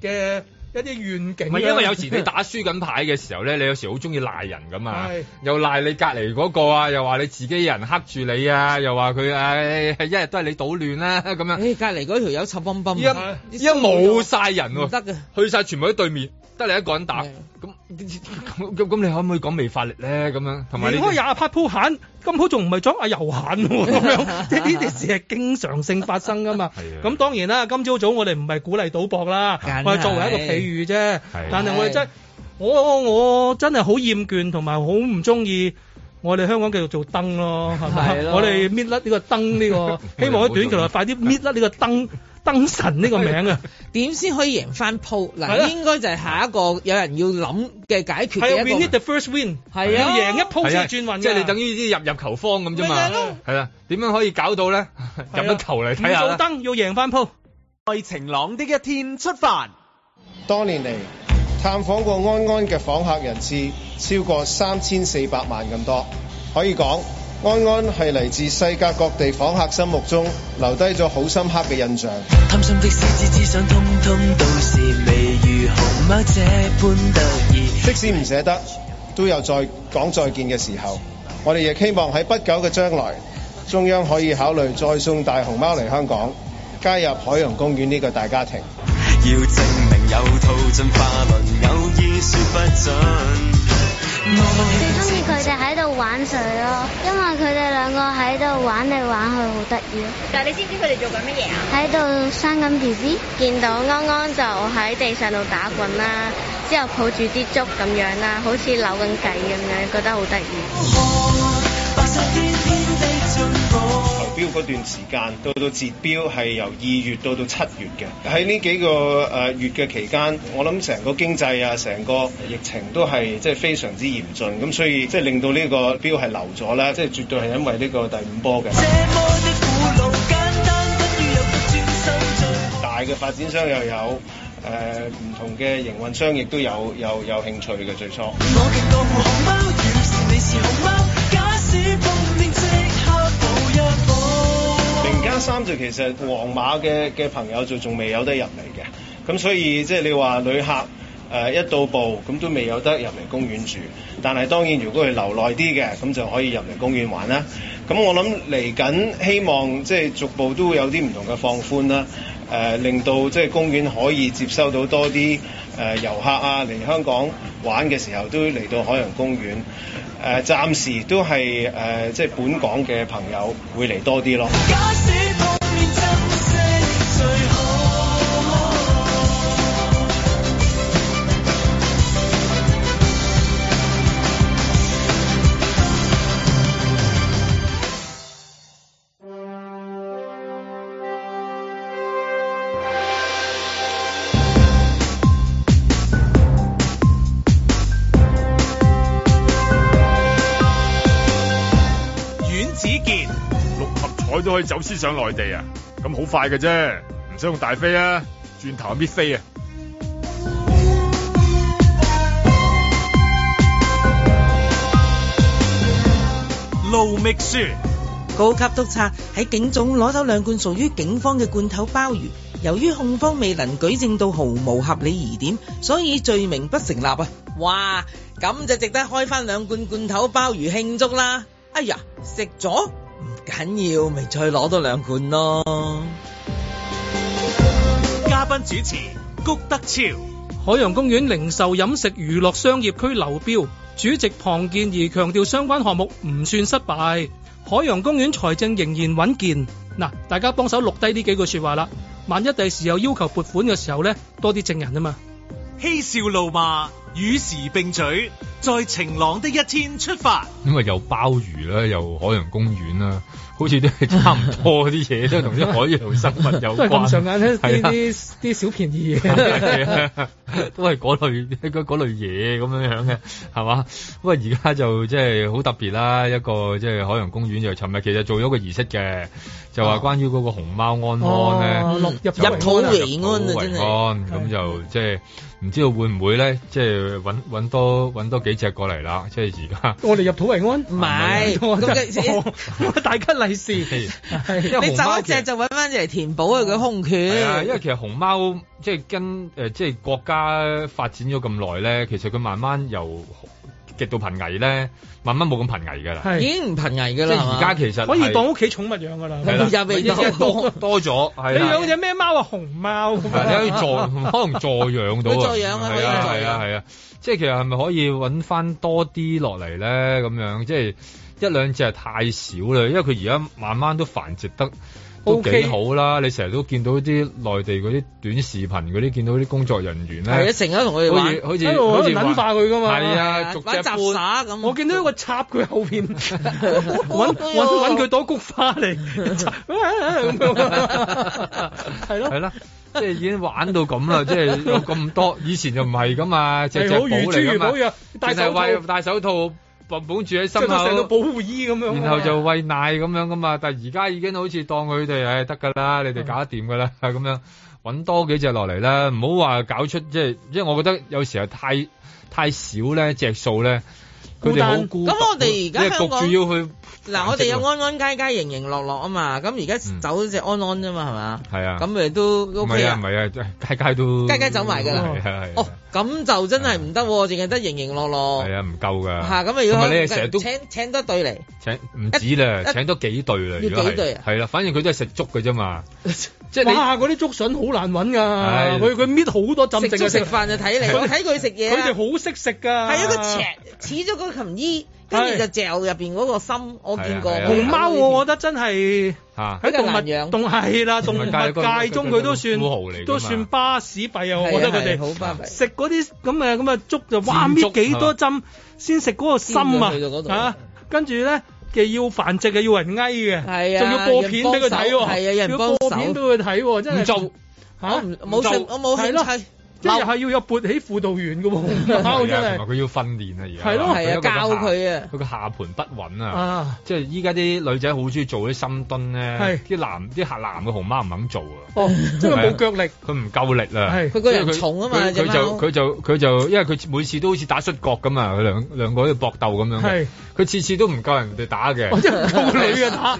嘅。嗯一啲願景、啊，唔係因為有時你打輸緊牌嘅時候咧， 你有時好中意賴人㗎嘛，又賴你隔離嗰、嗰個啊，又話你自己人黑住你，哎、你啊，又話佢唉，一日都係你搗亂啦咁樣。欸、隔離嗰條友臭崩崩，依家依家冇曬人喎、啊，得嘅，去曬全部喺對面，得你一個人打咁。咁咁你可唔可以講未發力咧？咁、啊、樣，同埋你可以廿八鋪閒，咁好，仲唔係裝阿油閒？咁樣即係呢啲事係經常性發生噶嘛？咁 當然啦，今朝早我哋唔係鼓勵賭博啦，我哋作為一個譬喻啫。但係我哋真，我我真係好厭倦同埋好唔中意我哋香港繼續做燈咯，係咪 我哋搣甩呢個燈呢、這個，希望喺短期內快啲搣甩呢個燈。 燈神呢個名啊，點 先可以贏翻鋪？嗱、啊，應該就係下一個有人要諗嘅解決嘅嘢。係、啊、，We the first win。係啊，要贏一鋪先轉運即係你等於啲入入球荒咁啫嘛。係咯、啊。啦、啊，點樣、啊、可以搞到咧？ 入到球嚟睇下啦。做燈、啊？要贏翻鋪。在晴朗的一天出發。多年嚟探訪過安安嘅訪客人次超過三千四百萬咁多，可以講。安安係嚟自世界各地訪客心目中留低咗好深刻嘅印象。即使唔捨得，都有再講再見嘅時候。我哋亦希望喺不久嘅將來，中央可以考慮再送大熊貓嚟香港，加入海洋公園呢個大家庭。要證明有套進化法則，偶爾説不準。最中意佢哋喺度玩水咯，因為佢哋兩個喺度玩嚟玩去，好得意咯。但係你知唔知佢哋做緊乜嘢啊？喺度生緊 BB，見到安安就喺地上度打滾啦，之後抱住啲竹咁樣啦，好似扭緊計咁樣，覺得好得意。嗰段時間到到截標係由二月到到七月嘅，喺呢幾個誒月嘅期間，我諗成個經濟啊，成個疫情都係即係非常之嚴峻，咁所以即係令到呢個標係流咗啦，即係絕對係因為呢個第五波嘅。大嘅發展商又有誒唔、呃、同嘅營運商亦都有有有興趣嘅最初。我三就其實的，皇馬嘅嘅朋友就仲未有得入嚟嘅，咁所以即係、就是、你話旅客、呃、一到埗，咁都未有得入嚟公園住。但係當然，如果佢留耐啲嘅，咁就可以入嚟公園玩啦。咁我諗嚟緊希望即係、就是、逐步都會有啲唔同嘅放寬啦，呃、令到即係、就是、公園可以接收到多啲誒、呃、遊客啊，嚟香港玩嘅時候都嚟到海洋公園。誒、呃、暫時都係誒、呃、即係本港嘅朋友會嚟多啲咯。都可以走私上內地啊！咁好快嘅啫，唔使用，用大飛啊，轉頭搣飛啊！盧覓雪高級督察喺警總攞走兩罐屬於警方嘅罐頭鮑魚，由於控方未能舉證到毫無合理疑點，所以罪名不成立啊！哇，咁就值得開翻兩罐罐頭鮑魚慶祝啦！哎呀，食咗。唔緊要，咪再攞多兩罐咯。嘉賓主持谷德超，海洋公園零售飲食娛樂商業區流標主席龐建貽強調相關項目唔算失敗，海洋公園財政仍然穩健。嗱，大家幫手錄低呢幾句說話啦，萬一第時有要求撥款嘅時候呢，多啲證人啊嘛。嬉笑怒罵與時並舉，在晴朗的一天出發。因為有鮑魚啦，有海洋公園啦。好似都係差唔多啲嘢，都同啲海洋生物有關。上眼睇啲啲小便宜嘢，都係嗰類，嘢咁樣樣嘅，係嘛？不過而家就即係好特別啦，一個即係、就是、海洋公園就尋日其實做咗個儀式嘅，就話關於嗰個熊貓安安咧、哦哦嗯、入土為安，安咁就即係唔知道會唔會咧，即係揾多多幾隻過嚟啦？即係而家我哋入土為安，唔係 大吉利。你走一隻隻就搵翻嚟填補佢個空缺。因為其實熊貓即係跟誒、呃、即係國家發展咗咁耐咧，其實佢慢慢由極度瀕危咧，慢慢冇咁瀕危噶啦，已經唔瀕危噶啦。而家其實可以當屋企寵物養噶啦，入多 多咗。係啊，你養隻咩貓啊？熊貓，你可以助 可能助養到係啊係啊，即係其實係咪可以搵翻多啲落嚟咧？咁樣即係。一兩隻係太少啦，因為佢而家慢慢都繁殖得都幾好啦。Okay. 你成日都見到啲內地嗰啲短視頻嗰啲，見到啲工作人員咧，係啊，成日同佢好似好似好似化佢㗎嘛，係啊，玩雜耍咁。我見到一個插佢後邊，揾揾揾佢朵菊花嚟，係 咯 是的，係 啦是的， 即係已經玩到咁啦，即係咁多。以前就唔係咁嘛，隻 隻寶嚟㗎嘛，戴手套戴手套。保保住喺心口，保護衣咁樣，然後就喂奶咁樣噶嘛，哎，但而家已經好似當佢哋誒得㗎啦，你哋搞得掂㗎啦，咁、嗯、樣，揾多幾隻落嚟啦，唔好話搞出即係，即係我覺得有時候太太少咧隻數。咧。佢哋好孤，咁我哋而家香港主要去嗱，我哋有安安佳佳，盈盈樂樂啊嘛，咁而家走咗隻安安啫嘛，係、嗯、嘛？係啊，咁咪都唔係啊，唔係啊，佳佳都佳佳走埋噶啦。哦，咁就真係唔得，淨係得盈盈樂樂，係啊，唔夠噶。嚇，咁啊都，啊如果你成日都，請多對嚟？請唔止啦，請多幾對啦。要幾對？係啦，反正佢都係食粥嘅啫嘛。 即係哇！嗰啲竹筍好難揾㗎，佢佢搣好多針剩。食竹食飯就睇你，睇佢食嘢，佢哋好識食㗎。係一個尺，似咗嗰個裙衣，跟住就嚼入面嗰個心，我見過。熊貓，我覺得真係喺動物養動系啦，動物界中佢都算 都算巴士幣啊！我覺得佢哋食嗰啲咁嘅咁嘅竹就哇，搣幾多針先食嗰個心啊！跟住咧。啊嘅要繁殖嘅要人挨嘅，仲、係啊、要播片俾佢睇喎，要播片俾佢睇喎，真係唔做吓，冇、啊、做，我冇興趣。即係要有撥起輔導員嘅，真係佢要訓練啊，而家係咯係啊，教佢啊，佢個下盤、啊、不穩啊，啊，即係依家啲女仔好中意做啲深蹲咧、啊，啲男啲男嘅熊貓唔肯做啊，哦，因為冇腳力，佢唔夠力啊，佢個人重啊嘛，佢就佢 就佢就，就因為佢每次都好似打摔角咁啊，佢兩兩個喺度搏鬥咁樣，佢次次都唔夠人哋打嘅，即係唔夠女嘅打，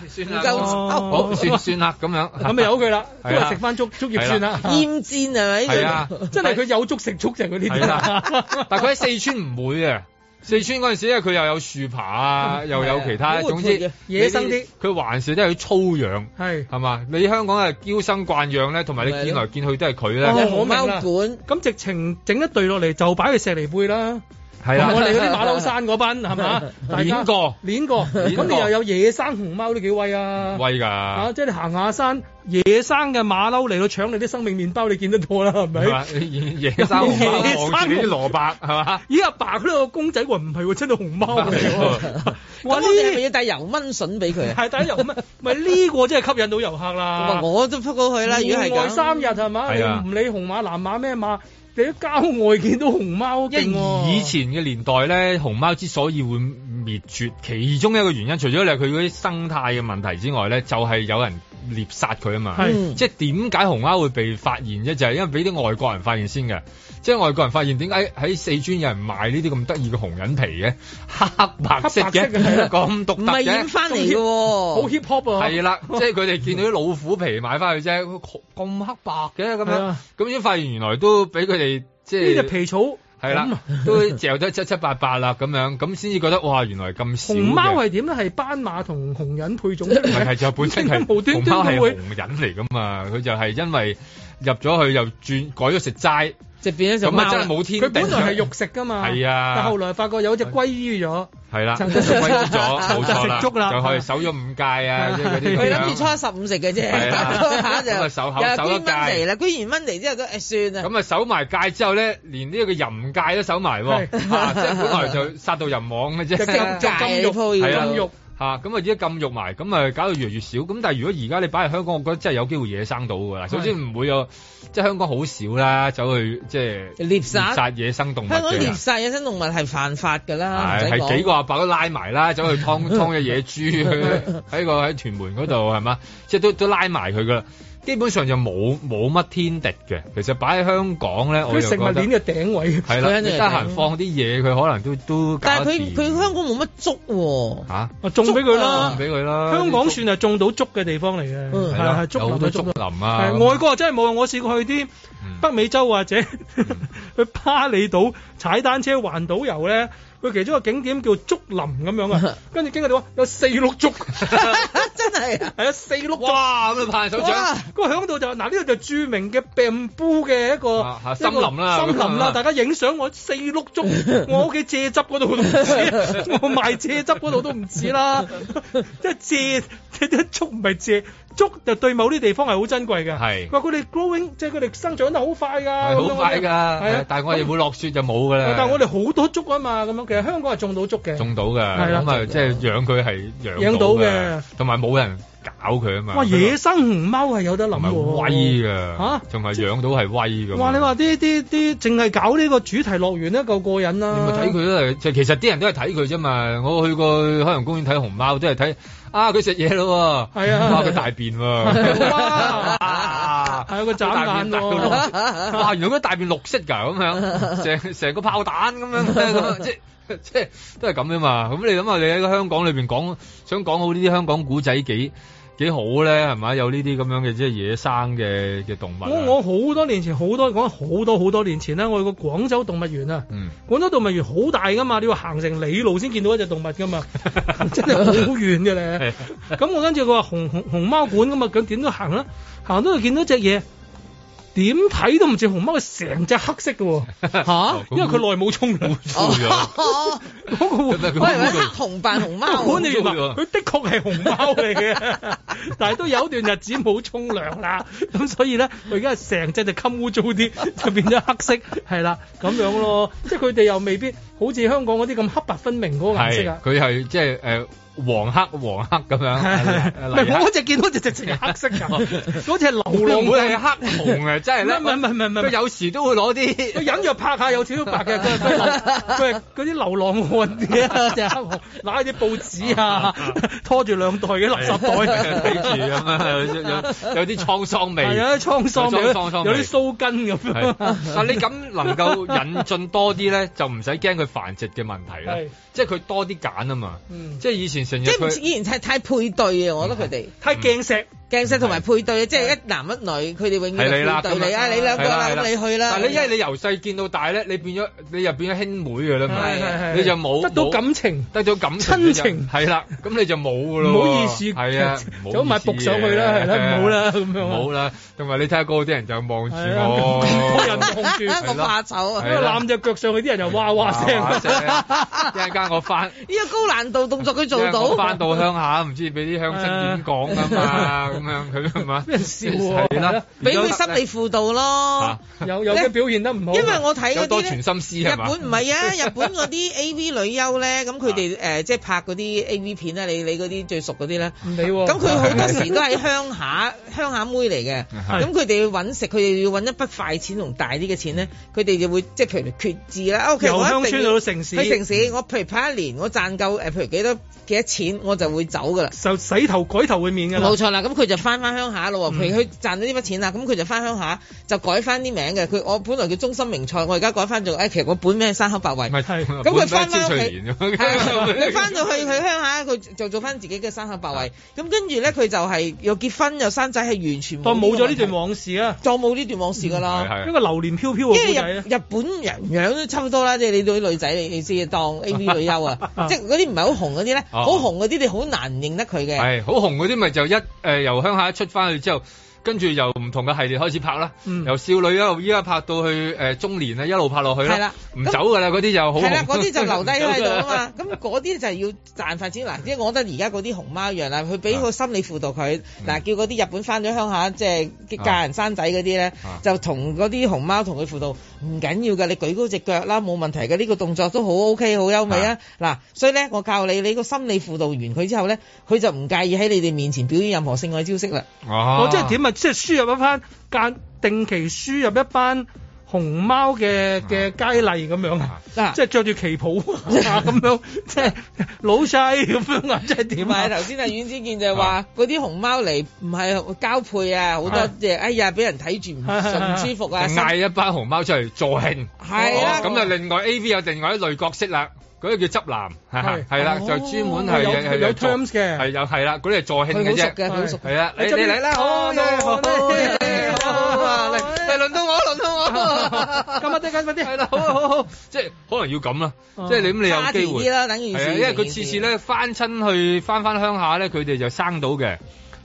算算啦咁樣，咁咪由佢啦，都係食翻竹竹葉算啦，厭戰啊呢樣，真係。佢有足食足人嗰啲啦，但係佢喺四川唔會啊！ 四川嗰陣時咧，佢又有樹爬啊，又有其他，總之野生啲。佢還是都係要粗養，係係嘛？你香港係嬌生慣養咧，同埋你見來見去都係佢咧，好貓館咁直情整一對落嚟就擺去石梨貝啦。係啊，我哋嗰啲馬騮山嗰班，係咪綵過，綵過，咁你又有野生熊貓都幾威啊？威㗎，啊！即係你行下山，野生嘅馬騮嚟到搶你啲生命麵包，你見得多啦，係咪、啊？野生熊貓，有有野生紅蘿卜係嘛？依家阿爸嗰度個公仔喎，唔係喎，真係熊貓嚟喎。呢啲咪要帶油蚊筍俾佢、啊？係、啊、帶油蚊，咪 呢個真係吸引到遊客啦。 我都出過去啦，野外三日係嘛？你唔理紅馬藍馬咩馬？你喺郊外見到熊貓，一、啊、以前嘅年代咧，熊貓之所以會滅絕，其中一個原因，除咗你佢嗰啲生態嘅問題之外咧，就係、是、有人獵殺佢啊嘛。係，即係點解熊貓會被發現啫？就係、是、因為俾啲外國人發現先嘅。即係外國人發現，點解喺四川有人賣呢啲咁得意嘅紅人皮嘅，黑白色嘅咁獨特嘅，唔係染翻嚟嘅，好 hip hop 啊！係啦，即係佢哋見到啲老虎皮買翻去啫，咁 黑白嘅咁樣，咁先發現原來都俾佢哋即係皮草係啦， 都嚼得七七八八啦，咁樣咁先至覺得哇，原來咁少。熊貓係點咧？係斑馬同紅人配種啫，唔 係就本身係。熊貓係紅人嚟噶嘛？佢就係因為入咗去又轉改咗食齋。即變咗就咁啊！真係冇天，佢本來係肉食噶嘛，係啊，但後來發覺有隻龜於咗，係啦，成隻龜於咗，冇錯啦，就食足啦，就去守咗五戒啊，即嗰啲佢諗住初十五食嘅啫，嚇就守守得雞啦，居然掹嚟之後都誒算啦，咁啊守埋戒之後咧，連呢個淫戒都守埋喎，嚇即本來就殺到人亡嘅啫，金金玉，金玉。咁啊而家禁肉埋，咁啊搞到越嚟越少。咁但係如果而家你擺喺香港，我覺得真係有機會野生到㗎啦。首先唔會有，即係香港好少啦，走去即係獵殺,殺野生動物。香港獵殺野生動物係犯法㗎啦，係幾個阿伯都拉埋啦，走去劏劏嘅野豬，喺 個喺屯門嗰度係嘛，即係都都拉埋佢㗎啦。基本上就冇冇乜天敵嘅，其實擺喺香港咧，我覺得佢食物鏈嘅頂位。係啦，得閒放啲嘢，佢可能都都但係佢佢香港冇乜竹啊種俾佢啦，種俾佢啦。香港算係種到竹嘅地方嚟嘅，係係竹好多竹林啊！外國真係冇，用。我試過去啲北美洲或者、嗯、 去巴厘島踩單車環島遊咧。佢其中一個景點叫竹林咁樣 啊，跟住經過度話有四碌竹，真係係啊，四碌竹，哇咁啊拍手掌。佢響度就嗱呢度就著名嘅 bamboo 嘅一個森林啦，森林啦，大家影相我四碌竹， 我屋企蔗汁嗰度都唔止， 我賣蔗汁嗰度都唔止啦。即蔗係竹唔係蔗，竹就對某啲地方係好珍貴嘅。係話佢哋 growing 即係佢哋生長得好快㗎，好快㗎。係啊，但係我哋會落雪就冇㗎啦。但係我哋好多竹啊嘛，咁樣。其實香港係種到竹嘅，種到嘅，咁啊即係養佢係養到嘅，同埋冇人搞佢啊嘛。哇！是野生熊貓係有得諗噶，還有威噶，吓、啊，仲係養到係威噶。哇！你話啲啲啲淨係搞呢個主題樂園呢，夠過癮啦、啊。你咪睇佢都係，即其實啲人都係睇佢啫嘛。我去過海洋公園睇熊貓，都係睇啊佢食嘢咯，係啊，貓佢、啊啊大，啊 啊啊、大便，係個炸彈，哇如果大便綠色噶咁樣，成成個炮彈咁樣，即即 係都係咁啫嘛，咁你諗下，你喺個香港裏面講，想講好呢啲香港古仔幾幾好咧，係咪？有呢啲咁樣嘅即係野生嘅嘅動物、啊。我好多年前好多講好多好多年前咧，我去個廣州動物園啊，廣州動物園好大噶嘛，你要行成里路先見到一隻動物噶嘛， 真係好遠嘅咧。咁 我跟住佢話熊熊熊貓館咁嘛，咁點都行啦，行到去見到隻嘢。點睇都唔似熊貓，佢成隻黑色嘅、啊，吓、啊？因為佢耐冇沖涼。哦，唔係唔係黑熊扮熊貓、啊，佢的確係熊貓嚟嘅， 但係都有段日子冇沖涼啦。咁 所以咧，佢而家成隻就襟污糟啲，就變咗黑色，係啦咁樣咯。即係佢哋又未必好似香港嗰啲咁黑白分明嗰個顏色啊。佢係即係誒。呃黃黑黃黑咁樣，唔係我嗰隻見到直情係黑色嘅，嗰隻流浪漢係黑紅嘅，真係咧。唔係唔係唔係，佢有時都會攞啲，佢隱約拍下有少少白嘅。佢佢佢係嗰啲流浪漢嘅，隻黑紅攞啲報紙啊，拖住兩袋嘅垃圾袋睇住咁樣，有有有啲滄桑味，係有啲滄桑味，有啲鬚根咁樣。但係你咁能夠引進多啲咧，就唔使驚佢繁殖嘅問題啦。係，即係佢多啲揀啊嘛。嗯，即係以前。即係唔似以前係太，太配對啊，我覺得佢哋、嗯、太鏡石。嗯鏡射同埋配對，即係一男一女，佢哋永遠喺度嚟啊！你兩個啦，你去啦。但係你因為你由細見到大咧，你變咗你又變咗兄妹㗎啦，你就冇得到感情，得到感情親情係啦，咁你就冇㗎咯。唔好意思，係啊，走埋撲上去啦，唔好啦咁樣。唔好啦，同埋你睇下嗰啲人就望住我，個人控住，我怕醜。因為攬隻腳上去啲人又哇哇聲，一陣間我翻呢個高難度動作佢做到。翻到鄉下唔知俾啲鄉親點講啊嘛～咁樣佢係嘛？咩笑喎？俾佢心理輔導咯。有有啲表現得唔好。因為我睇嗰啲咧，日本唔係啊，啊，日本嗰啲 A V 女優咧，咁佢哋誒即係拍嗰啲 A V 片咧。你你嗰啲最熟嗰啲咧，唔理喎。咁佢好多時都喺鄉下， 鄉下妹嚟嘅。咁佢哋要揾食，佢哋要揾一筆快錢同大啲嘅錢咧，佢哋就會即係譬如決志啦。屋、哦、企我一定喺城市。我譬如拍一年，我賺夠誒，譬如幾多幾多錢，我就會走㗎啦。就洗頭改頭換面㗎啦。冇錯啦，咁佢。就翻翻鄉下咯，譬如佢賺咗呢筆錢啦，咁、嗯、佢就翻鄉下，就改翻啲名嘅。佢我本來叫中心名菜，我而家改翻做，哎，其實我本名係山口百惠，咁佢翻翻，佢翻、嗯、 到去佢鄉下，佢就做翻自己嘅山口百惠。咁跟住咧，佢就係又結婚又生仔，係完全當冇咗呢段往事啊！當冇、嗯、呢段往事噶啦，因為流年飄飄。因為日日本人樣都差唔多啦，即係你對啲女仔，你你先當 AV 女優啊， 即係嗰啲唔係好紅嗰啲咧，好、哦、紅嗰啲你好難認得佢嘅。好紅嗰啲咪就一誒又。呃鄉下一出翻去之後。跟住由唔同嘅系列開始拍啦、嗯，由少女一路依家拍到去誒、呃、中年咧，一路拍落去啦，唔走噶啦嗰啲就好。係啦，嗰啲就留低喺度啊嘛。咁嗰啲就係要賺發展嗱，即、就、係、是、我覺得而家嗰啲熊貓一樣啊，佢俾個心理輔導佢，嗱、啊啊嗯、叫嗰啲日本翻咗鄉下即係嫁人生仔嗰啲咧，就同嗰啲熊貓同佢輔導，唔緊要噶，你舉高隻腳啦，冇問題嘅，呢、這個動作都好 OK，好優美啊。嗱、啊啊，所以咧我教你，你個心理輔導完佢之後咧，佢就唔介意喺你哋面前表演任何性愛招式啦、啊。哦，即係點啊？即、就、係、是、輸入一班間定期輸入一班熊貓嘅嘅、啊、佳麗咁樣，啊、即係着住旗袍咁、啊啊、樣，即 係老細小咁 樣，即係點？唔係頭先阿阮之健就係話嗰啲熊貓嚟唔係交配啊，好多隻、啊、哎呀，俾人睇住唔舒服啊！嗌、啊啊啊、一班熊貓出嚟助興，係啊，咁就另外 A V 有另外一類角色啦。嗰啲叫執男，係係啦，就、啊、專門係係、哦啊、有，有 terms 嘅，係有係啦，嗰啲係助興嘅啫，係啊，啊啊哎、你你嚟啦，好咩好咩，嚟嚟輪到我，輪到我，快啲快啲，係啦，好好好，即係可能要咁啦，即係你咁你有機會，係啊，因為佢次次咧翻親去翻翻鄉下咧，佢哋就生到嘅，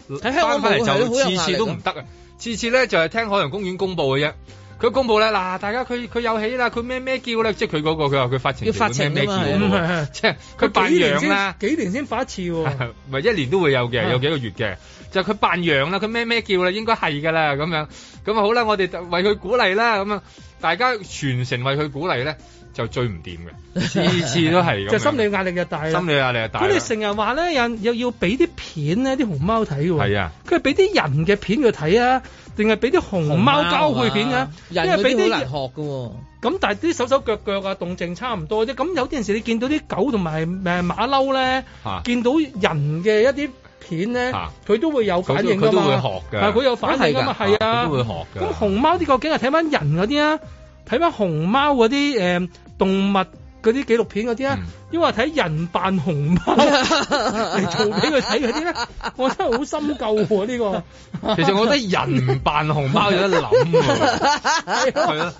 喺香港嚟就次次都唔得啊，次次咧就係聽海洋公園公布嘅啫。好好佢公布咧嗱、啊，大家佢佢有喜啦，佢咩咩叫咧，即係佢嗰個佢話佢發情，咩咩要發情，咩咩叫、嗯、即係佢扮羊啦。幾年先發一次喎、啊？唔 係一年都會有嘅，有幾個月嘅、啊。就佢、是、扮羊啦，佢咩咩叫啦，應該係噶啦咁樣。咁啊好啦，我哋為佢鼓勵啦，咁樣大家全城為佢鼓勵咧，就最唔掂嘅，次次都係咁。 就心理壓力又大，心理壓力又大。佢哋成日話咧，有又要俾啲片咧，啲熊貓睇嘅。係啊，佢係俾啲人嘅片佢睇啊。定係俾啲熊貓交配片嘅、啊啊，因為俾啲人學喎。咁但係啲手手腳腳啊、動靜差唔多啫。咁有啲陣時你見到啲狗同埋誒馬騮咧，見到人嘅一啲片咧，佢、啊、都會有反應㗎嘛。但係，佢有反應㗎嘛，係啊。佢、啊、都會學嘅。咁熊貓啲究竟係睇翻人嗰啲啊？睇翻熊貓嗰啲誒動物。嗰啲紀錄片嗰啲啊，因為睇人扮熊貓嚟做俾佢睇嗰啲咧，我真係好深究喎呢個。其實我覺得人扮熊貓有得諗。係咯，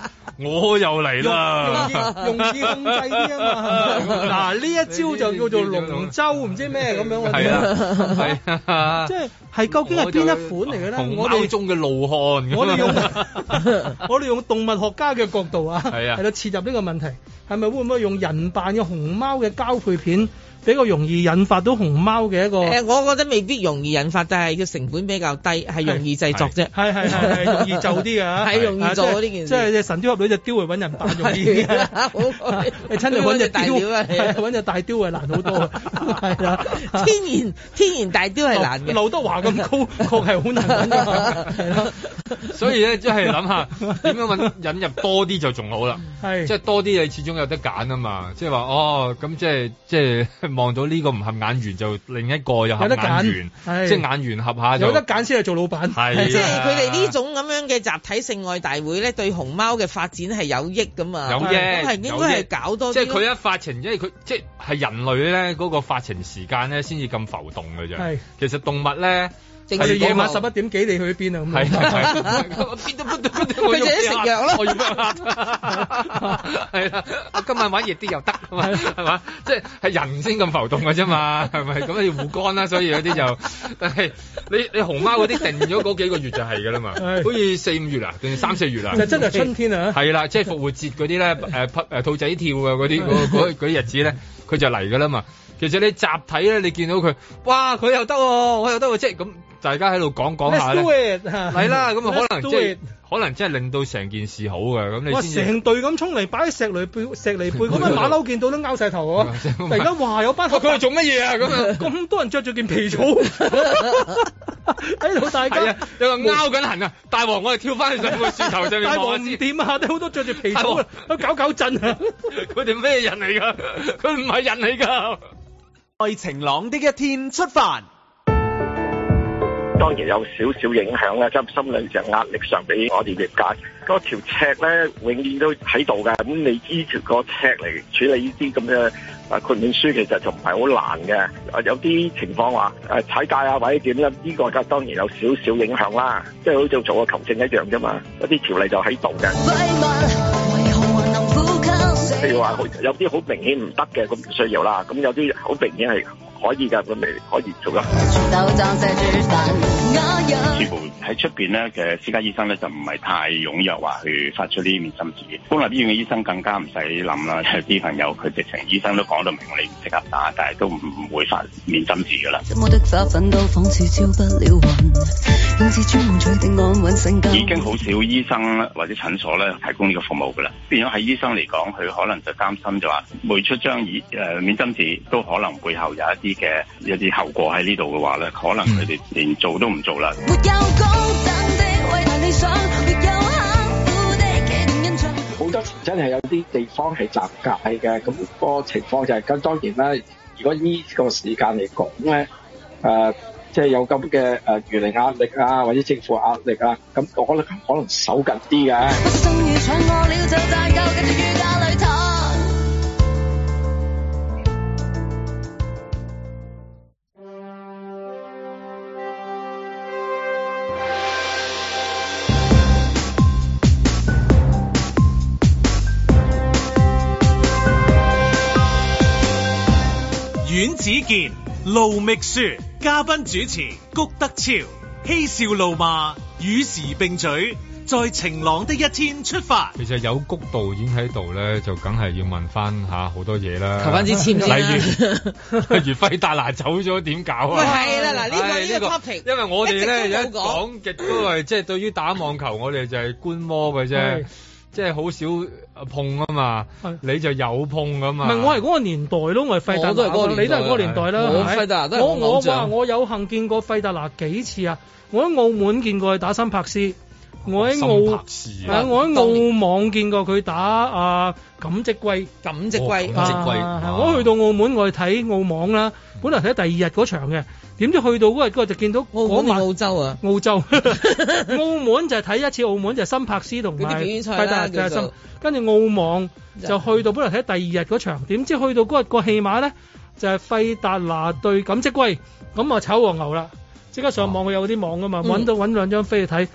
我又嚟啦。用字控制啲啊！嗱，呢一招就叫做龍舟唔知咩咁樣。係啊，係啊，即係係究竟係邊一款嚟嘅咧？我哋中嘅怒汗。我哋用我哋用動物學家嘅角度啊。係啊。係啦，切入呢個問題，係咪會唔會用？人扮嘅熊貓嘅交配片。比較容易引發到熊貓嘅一個、呃，我覺得未必容易引發，但係個成本比較低，係容易製作啫。係係容易做啲噶，係、 啊、容易做呢件事。即係神雕俠侶就雕嚟，搵人扮容易，好， 你親自搵隻雕，搵隻大雕係難好多，係，天然天然大雕係難嘅。劉德華咁高確係好難搵， 所以咧，即係諗下點樣搵引入多啲就仲好啦， 即係多啲你始終有得揀啊嘛，即係話哦，咁即係即係。望到呢個唔合眼緣就另一個又合眼緣，即係眼緣合下有得揀先去做老闆，係，即係佢哋呢種咁樣嘅集體性愛大會咧，對熊貓嘅發展係有益噶嘛？有益，係應該係搞多。即係佢一發情，即係佢即係人類咧嗰個發情時間咧先至咁浮動嘅啫。係，其實動物咧。夜晚十一點幾，你去邊啊？咁係係係，我邊度邊度邊度？我要食藥啦！我要係啦，係啦。今晚玩熱啲又得，係嘛？係嘛？即係係人先咁浮動嘅啫嘛，係咪？咁要護肝啦，所以有啲就，但係你你熊貓嗰啲定咗嗰幾個月就係嘅啦嘛。好似四五月啊，定三四月啊，就 真係春天啊！係啦，即、就、係、是、復活節嗰啲咧，誒、啊、誒兔仔跳嘅嗰啲嗰嗰嗰啲日子咧，佢就嚟嘅啦嘛。其實你集體咧，你見到佢，哇！佢又得、啊，我又得、啊、即係咁。大家喺度講講下咧，係啦，咁啊可能即係可能真係令到成件事好嘅，咁你成隊咁衝嚟，擺喺石泥背石泥背咁啊馬騮見到都拗晒頭、啊，突然間哇有班佢哋做乜嘢啊咁咁 多人着住件皮草喺度， 到大家又拗緊痕啊！大王我哋跳翻上個樹頭上面望下先點啊！都好多着住皮草，都搞搞震、啊，佢哋咩人嚟噶？佢唔係人嚟噶！在晴朗的一天出發。當然有少少影響啦，即係心理上壓力上比我哋業界。嗰條尺咧永遠都喺度㗎，咁你依條個尺嚟處理呢啲咁嘅誒豁免書，其實就唔係好難嘅。有啲情況話誒踩界啊，或者點樣？呢、這個梗係當然有少少影響啦，即係好似做個球證一樣啫嘛。 有啲條例就喺度嘅。譬如話有啲好明顯唔得嘅咁唔需要啦，咁有啲好明顯係。可以㗎，都未可以做得。似乎喺出邊呢嘅私家醫生咧，就唔係太踴躍話去發出呢啲免針字，公立醫院嘅醫生更加唔使諗啦。有啲朋友佢直情醫生都講到明你唔適合打，但係都唔會發免針字噶啦。已經好少醫生或者診所咧，提供呢個服務㗎啦。變咗喺醫生嚟講，佢可能就擔心就話每出張耳誒免針字都可能背後有一啲。嘅一啲後果喺呢度嘅話咧，可能佢哋連做都唔做啦。好、嗯、多真係有啲地方係暫解嘅。咁、那個情況就係、是、咁。當然啦，如果依個時間嚟講咧，誒即係有咁嘅誒輿論壓力啊，或者政府壓力啊，咁我可能可能守緊啲嘅。 阮子健、盧覓雪，嘉賓主持谷德超，嬉笑怒罵，與時並嘴在晴朗的一天出發。其實有谷導演喺度咧，就梗係要問翻吓好多嘢啦，求之 例如、啊、 例如費達拿走咗點搞啊？係啦，嗱呢、 這個呢、這個 topic、這個，因為我哋咧而家講極都係即係對於打網球，我哋就係觀摩嘅啫。即係好少碰啊嘛，你就有碰㗎嘛。唔係我係嗰個年代咯，我係費達拿係嗰個，你都係嗰個年代啦。我費達拿，我我哇，我有幸見過費達拿幾次啊！我喺澳門見過佢打森柏斯，我喺澳，啊、我喺澳網見過佢打阿錦織圭，錦織圭，錦織圭、啊啊。我去到澳門我去睇澳網啦，本來睇第二日嗰場嘅。點知去到嗰日嗰日就見到澳洲啊，澳洲， 澳門就係睇一次澳門就係新柏斯同埋啲表演賽，就是、跟住澳網就去到本來睇第二日嗰場，點知去到嗰日，那個戲碼咧就係，是、費達拿對錦織圭，咁啊炒黃牛啦，即刻上網佢有啲網噶嘛，搵到搵兩張飛去睇，嗯，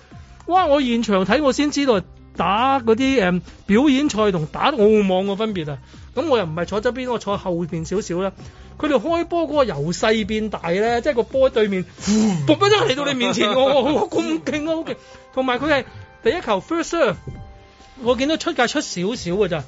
哇！我現場睇我先知道打嗰啲，嗯、表演賽同打澳網個分別啊，咁我又唔係坐側邊，我坐後面少少啦。佢哋開波嗰個由細變大咧，即係個波對面，嘣一聲嚟到你面前，我好好勁啊，好勁！同埋佢係第一球 first serve，我見到出界出少少嘅咋，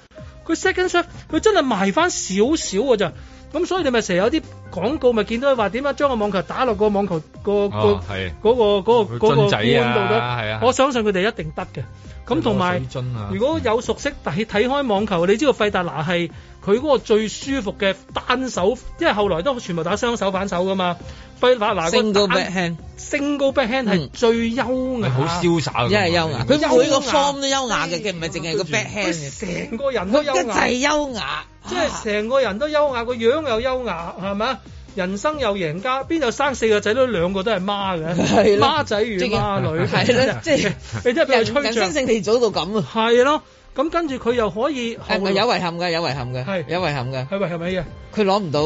佢 second serve 佢真係埋翻少少嘅咋，咁所以你咪成日有啲廣告咪見到佢話點啊，將個網球打落個網球、哦嗰個、嗰個嗰、啊嗰個嗰個嗰個杆度嘅，我相信佢哋一定得嘅。咁同埋，如果有熟悉睇睇開網球，你知道費達拿係佢嗰個最舒服嘅單手，因為後來都全部打雙手反手噶嘛。費達拿個高 backhand，升高 backhand 係最優雅，好、嗯、瀟灑嘅，一係優雅。佢每個 form 都優雅嘅，唔係淨係個 backhand，成個人都優雅，一係優雅，啊、即係成個人都優雅，個樣又優雅，係咪？人生又贏家，邊度生四個仔都兩個都係孖嘅？係咯，孖仔與孖女係咯，即係你都係比較抽象。人生性地早到咁啊！係咯，咁跟住佢又可以係咪有遺憾嘅？有遺憾嘅，係有遺憾嘅。係咪？遺憾唔係嘅，佢攞唔到，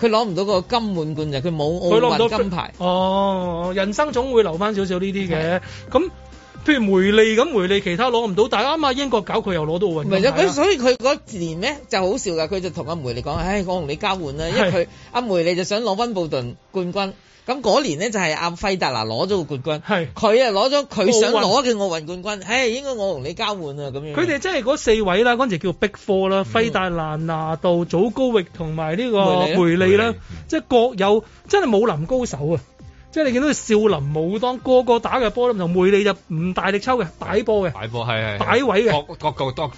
佢攞唔到個金滿貫咋，佢冇唔到金，金牌到。哦，人生總會留翻少少呢啲嘅咁。譬如梅利咁梅利，其他攞唔到，但啱啱英國搞佢又攞到奧運。唔係，佢所以佢嗰年呢就好笑噶，佢就同阿梅利講，唉、哎，我同你交換啦，因為阿梅利就想攞溫布頓冠軍。咁嗰年呢就係阿費達拿攞咗個冠軍，係佢啊攞咗佢想攞嘅奧運冠軍。唉、哎，應該我同你交換啊咁樣。佢哋真係嗰四位啦，嗰陣時叫逼科啦，費達拿、拿度、祖高域同埋呢個梅利啦，即係各有真係武林高手啊！即係你見到少林武當個個打嘅波，唔同。梅利就唔大力抽嘅，擺波嘅，擺波係擺位嘅。各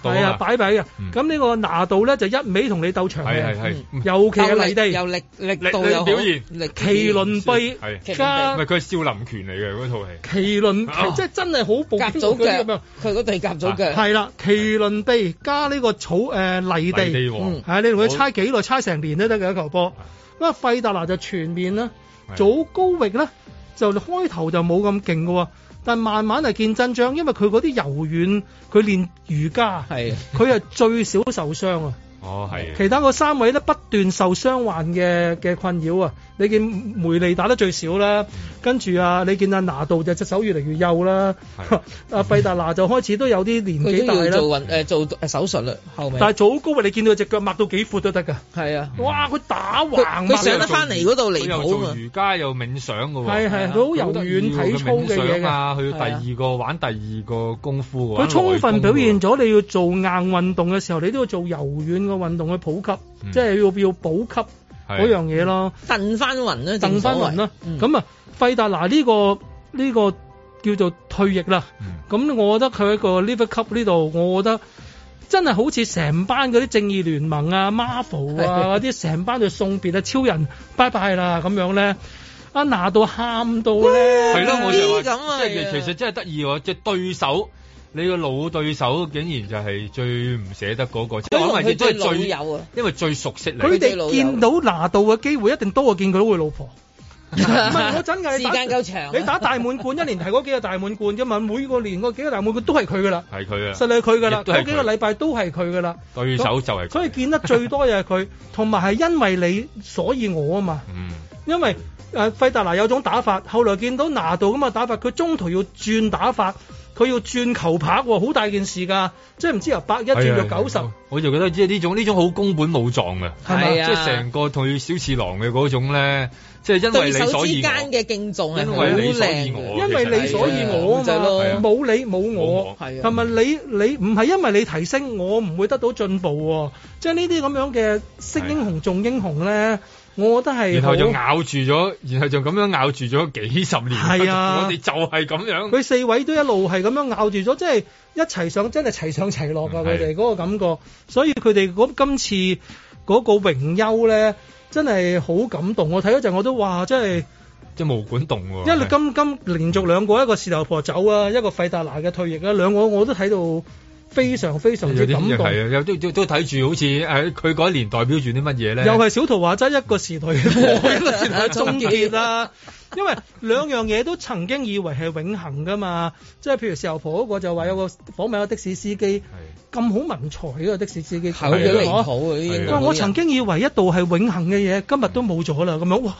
係啊，擺擺嘅。咁呢、嗯、個拿度咧就一味同你鬥長，係係係。尤其係泥地，有力力，力度又表現，麒麟臂加。佢係少林拳嚟嘅嗰套戲。麒麟即係真係好暴。夾左腳，佢個地夾左腳。係啦，麒麟臂加呢個草誒泥地，係你同佢猜幾耐？猜成年都得嘅一球波。咁啊費達拿就全面啦。祖高域咧就開頭就冇咁勁喎。但慢慢嚟見真章，因為佢嗰啲柔軟，佢練瑜伽，係佢係最少受傷啊。哦，係。其他個三位咧不斷受傷患嘅嘅困擾啊，你見梅利打得最少啦。跟住啊，你見阿拿度就隻手越嚟越幼啦。阿費、啊、達拿就開始都有啲年紀大啦。佢已做、呃、做手術啦。後面。但係早高啊！你見到隻腳擘到幾闊都得㗎。係啊！哇！佢打橫佢上得翻嚟嗰度嚟，土瑜伽，又，瑜伽又冥想㗎喎。係佢好柔軟體操嘅嘢㗎。去、啊、第二個、啊、玩第二個功夫㗎。佢充分表現咗你要做硬運動嘅時候，你都要做柔軟嘅運動去普及，嗯、即係要要補及嗰樣嘢咯。蹬翻雲啊，蹬翻雲咁啊！費達拿呢個呢、呢個叫做退役啦，咁、嗯、我覺得佢喺個 Laver Cup 呢度，我覺得真係好似成班嗰啲正義聯盟啊、Marvel 啊嗰啲，成、嗯、班就送別啊超人，拜拜啦咁樣咧，阿拿度喊到咧，係、嗯、咯我就話，即係其實真係得意喎，只、就是、對手你個老對手竟然就係最唔捨得嗰、嗰個，因為佢真係最，有啊，因為最熟悉你，佢哋見到拿度嘅機會一定多過見佢老婆。唔 係我真係時間夠長，你打大滿貫一年提嗰幾個大滿貫啫嘛， 每個年嗰幾個大滿貫都係佢噶啦，係佢啊，實係佢噶啦，嗰幾個禮拜都係佢噶啦，對手就係佢，所以見得最多嘢係佢，同埋係因為你所以我啊嘛，嗯，因為誒、呃、費達拿有種打法，後來見到拿度咁嘅打法，佢中途要轉打法。佢要轉球拍喎，好大件事噶，即係唔知由百一轉到九十。我就覺得即係呢種呢種好宮本武藏㗎。係咪？即係成個同小次郎嘅嗰種咧，即係因為你所以我對手之間嘅敬重係好靚喎，因為你所以我咪咯，冇你冇我，係咪？你你唔係因為你提升，我唔會得到進步喎。即係呢啲咁樣嘅識英雄重英雄咧。我覺得係，然後就咬住咗，然後就咁樣咬住咗幾十年。係啊，我哋就係咁樣。佢四位都一路係咁樣咬住咗，即係一齊上，真係齊上齊落啊！佢哋嗰個感覺，所以佢哋嗰今次嗰個榮休咧，真係好感動。我睇咗陣我都話，真係即係毛管動喎，啊。因為你今今連續兩個是一個事頭婆走啊，一個費達拿嘅退役啊，兩個我都睇到。非常非常之感動，係啊，有都都都睇住，好似喺佢嗰一年代表住啲乜嘢咧？又係小圖畫質一個時代嘅終結啦。因為兩樣嘢都曾經以為係永恆噶嘛，即係譬如《時候，婆》嗰個就話有個訪問個的士司機，咁好文才嗰個的士司機，係好的的。哇！我曾經以為一度係永恆嘅嘢，今日都冇咗啦。咁樣哇！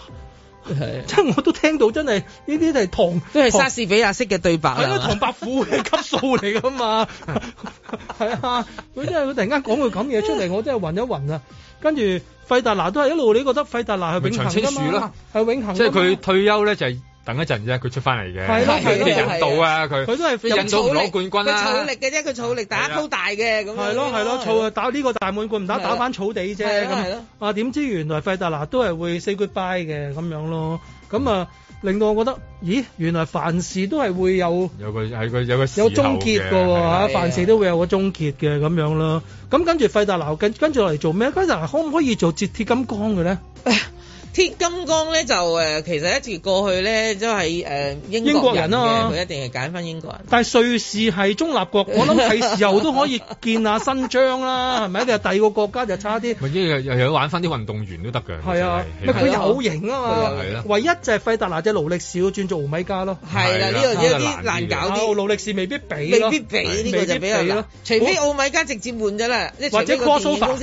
係，即 係樂我都聽到真的，真係呢啲係唐，都係莎士比亞式嘅對白啊！唐 伯虎嘅級數嚟噶嘛？係 啊， 佢真係佢突然間講佢咁嘢出嚟， 我真係暈一暈啊！跟住費達拿都係一路，你覺得費達拿係永恆長青樹噶嘛？係永恆長青樹，即係佢退休咧就。 等一陣啫，佢出翻嚟嘅，佢哋引到啊佢。佢都係引到攞冠軍佢草力嘅啫，佢草力，草力打都大嘅咁。係咯係咯，草打呢個大滿貫唔打打翻草地啫咁。啊點知原來費達拿都係會 say goodbye 嘅咁樣咯。咁、嗯、啊、嗯嗯、令到我覺得，咦原來凡事都係會有有個有個有個有終結嘅嚇、啊。凡事都會有個終結嘅咁樣咯咁跟住費達拿跟跟住落嚟做咩？跟，跟，跟可唔可以做鐵鐵金剛嘅咧？鐵金剛咧，就誒，其實一直過去咧，都係誒、呃、英，英國人啊咯，佢一定係揀翻英國人。但係瑞士係中立國， 我諗係時候都可以見下新章啦，係 咪？一定係第二個國家就差啲。咪係又，又要玩翻啲運動員都得嘅。係啊，咪佢有型啊嘛、啊啊啊。唯一就係費達拿隻勞力士轉做奧米加咯。係啦、啊，呢、啊這個有啲難搞啲。勞、哦、力士未必比，未必比呢、啊這個就比。除非奧米加直接換咗啦，或者除非個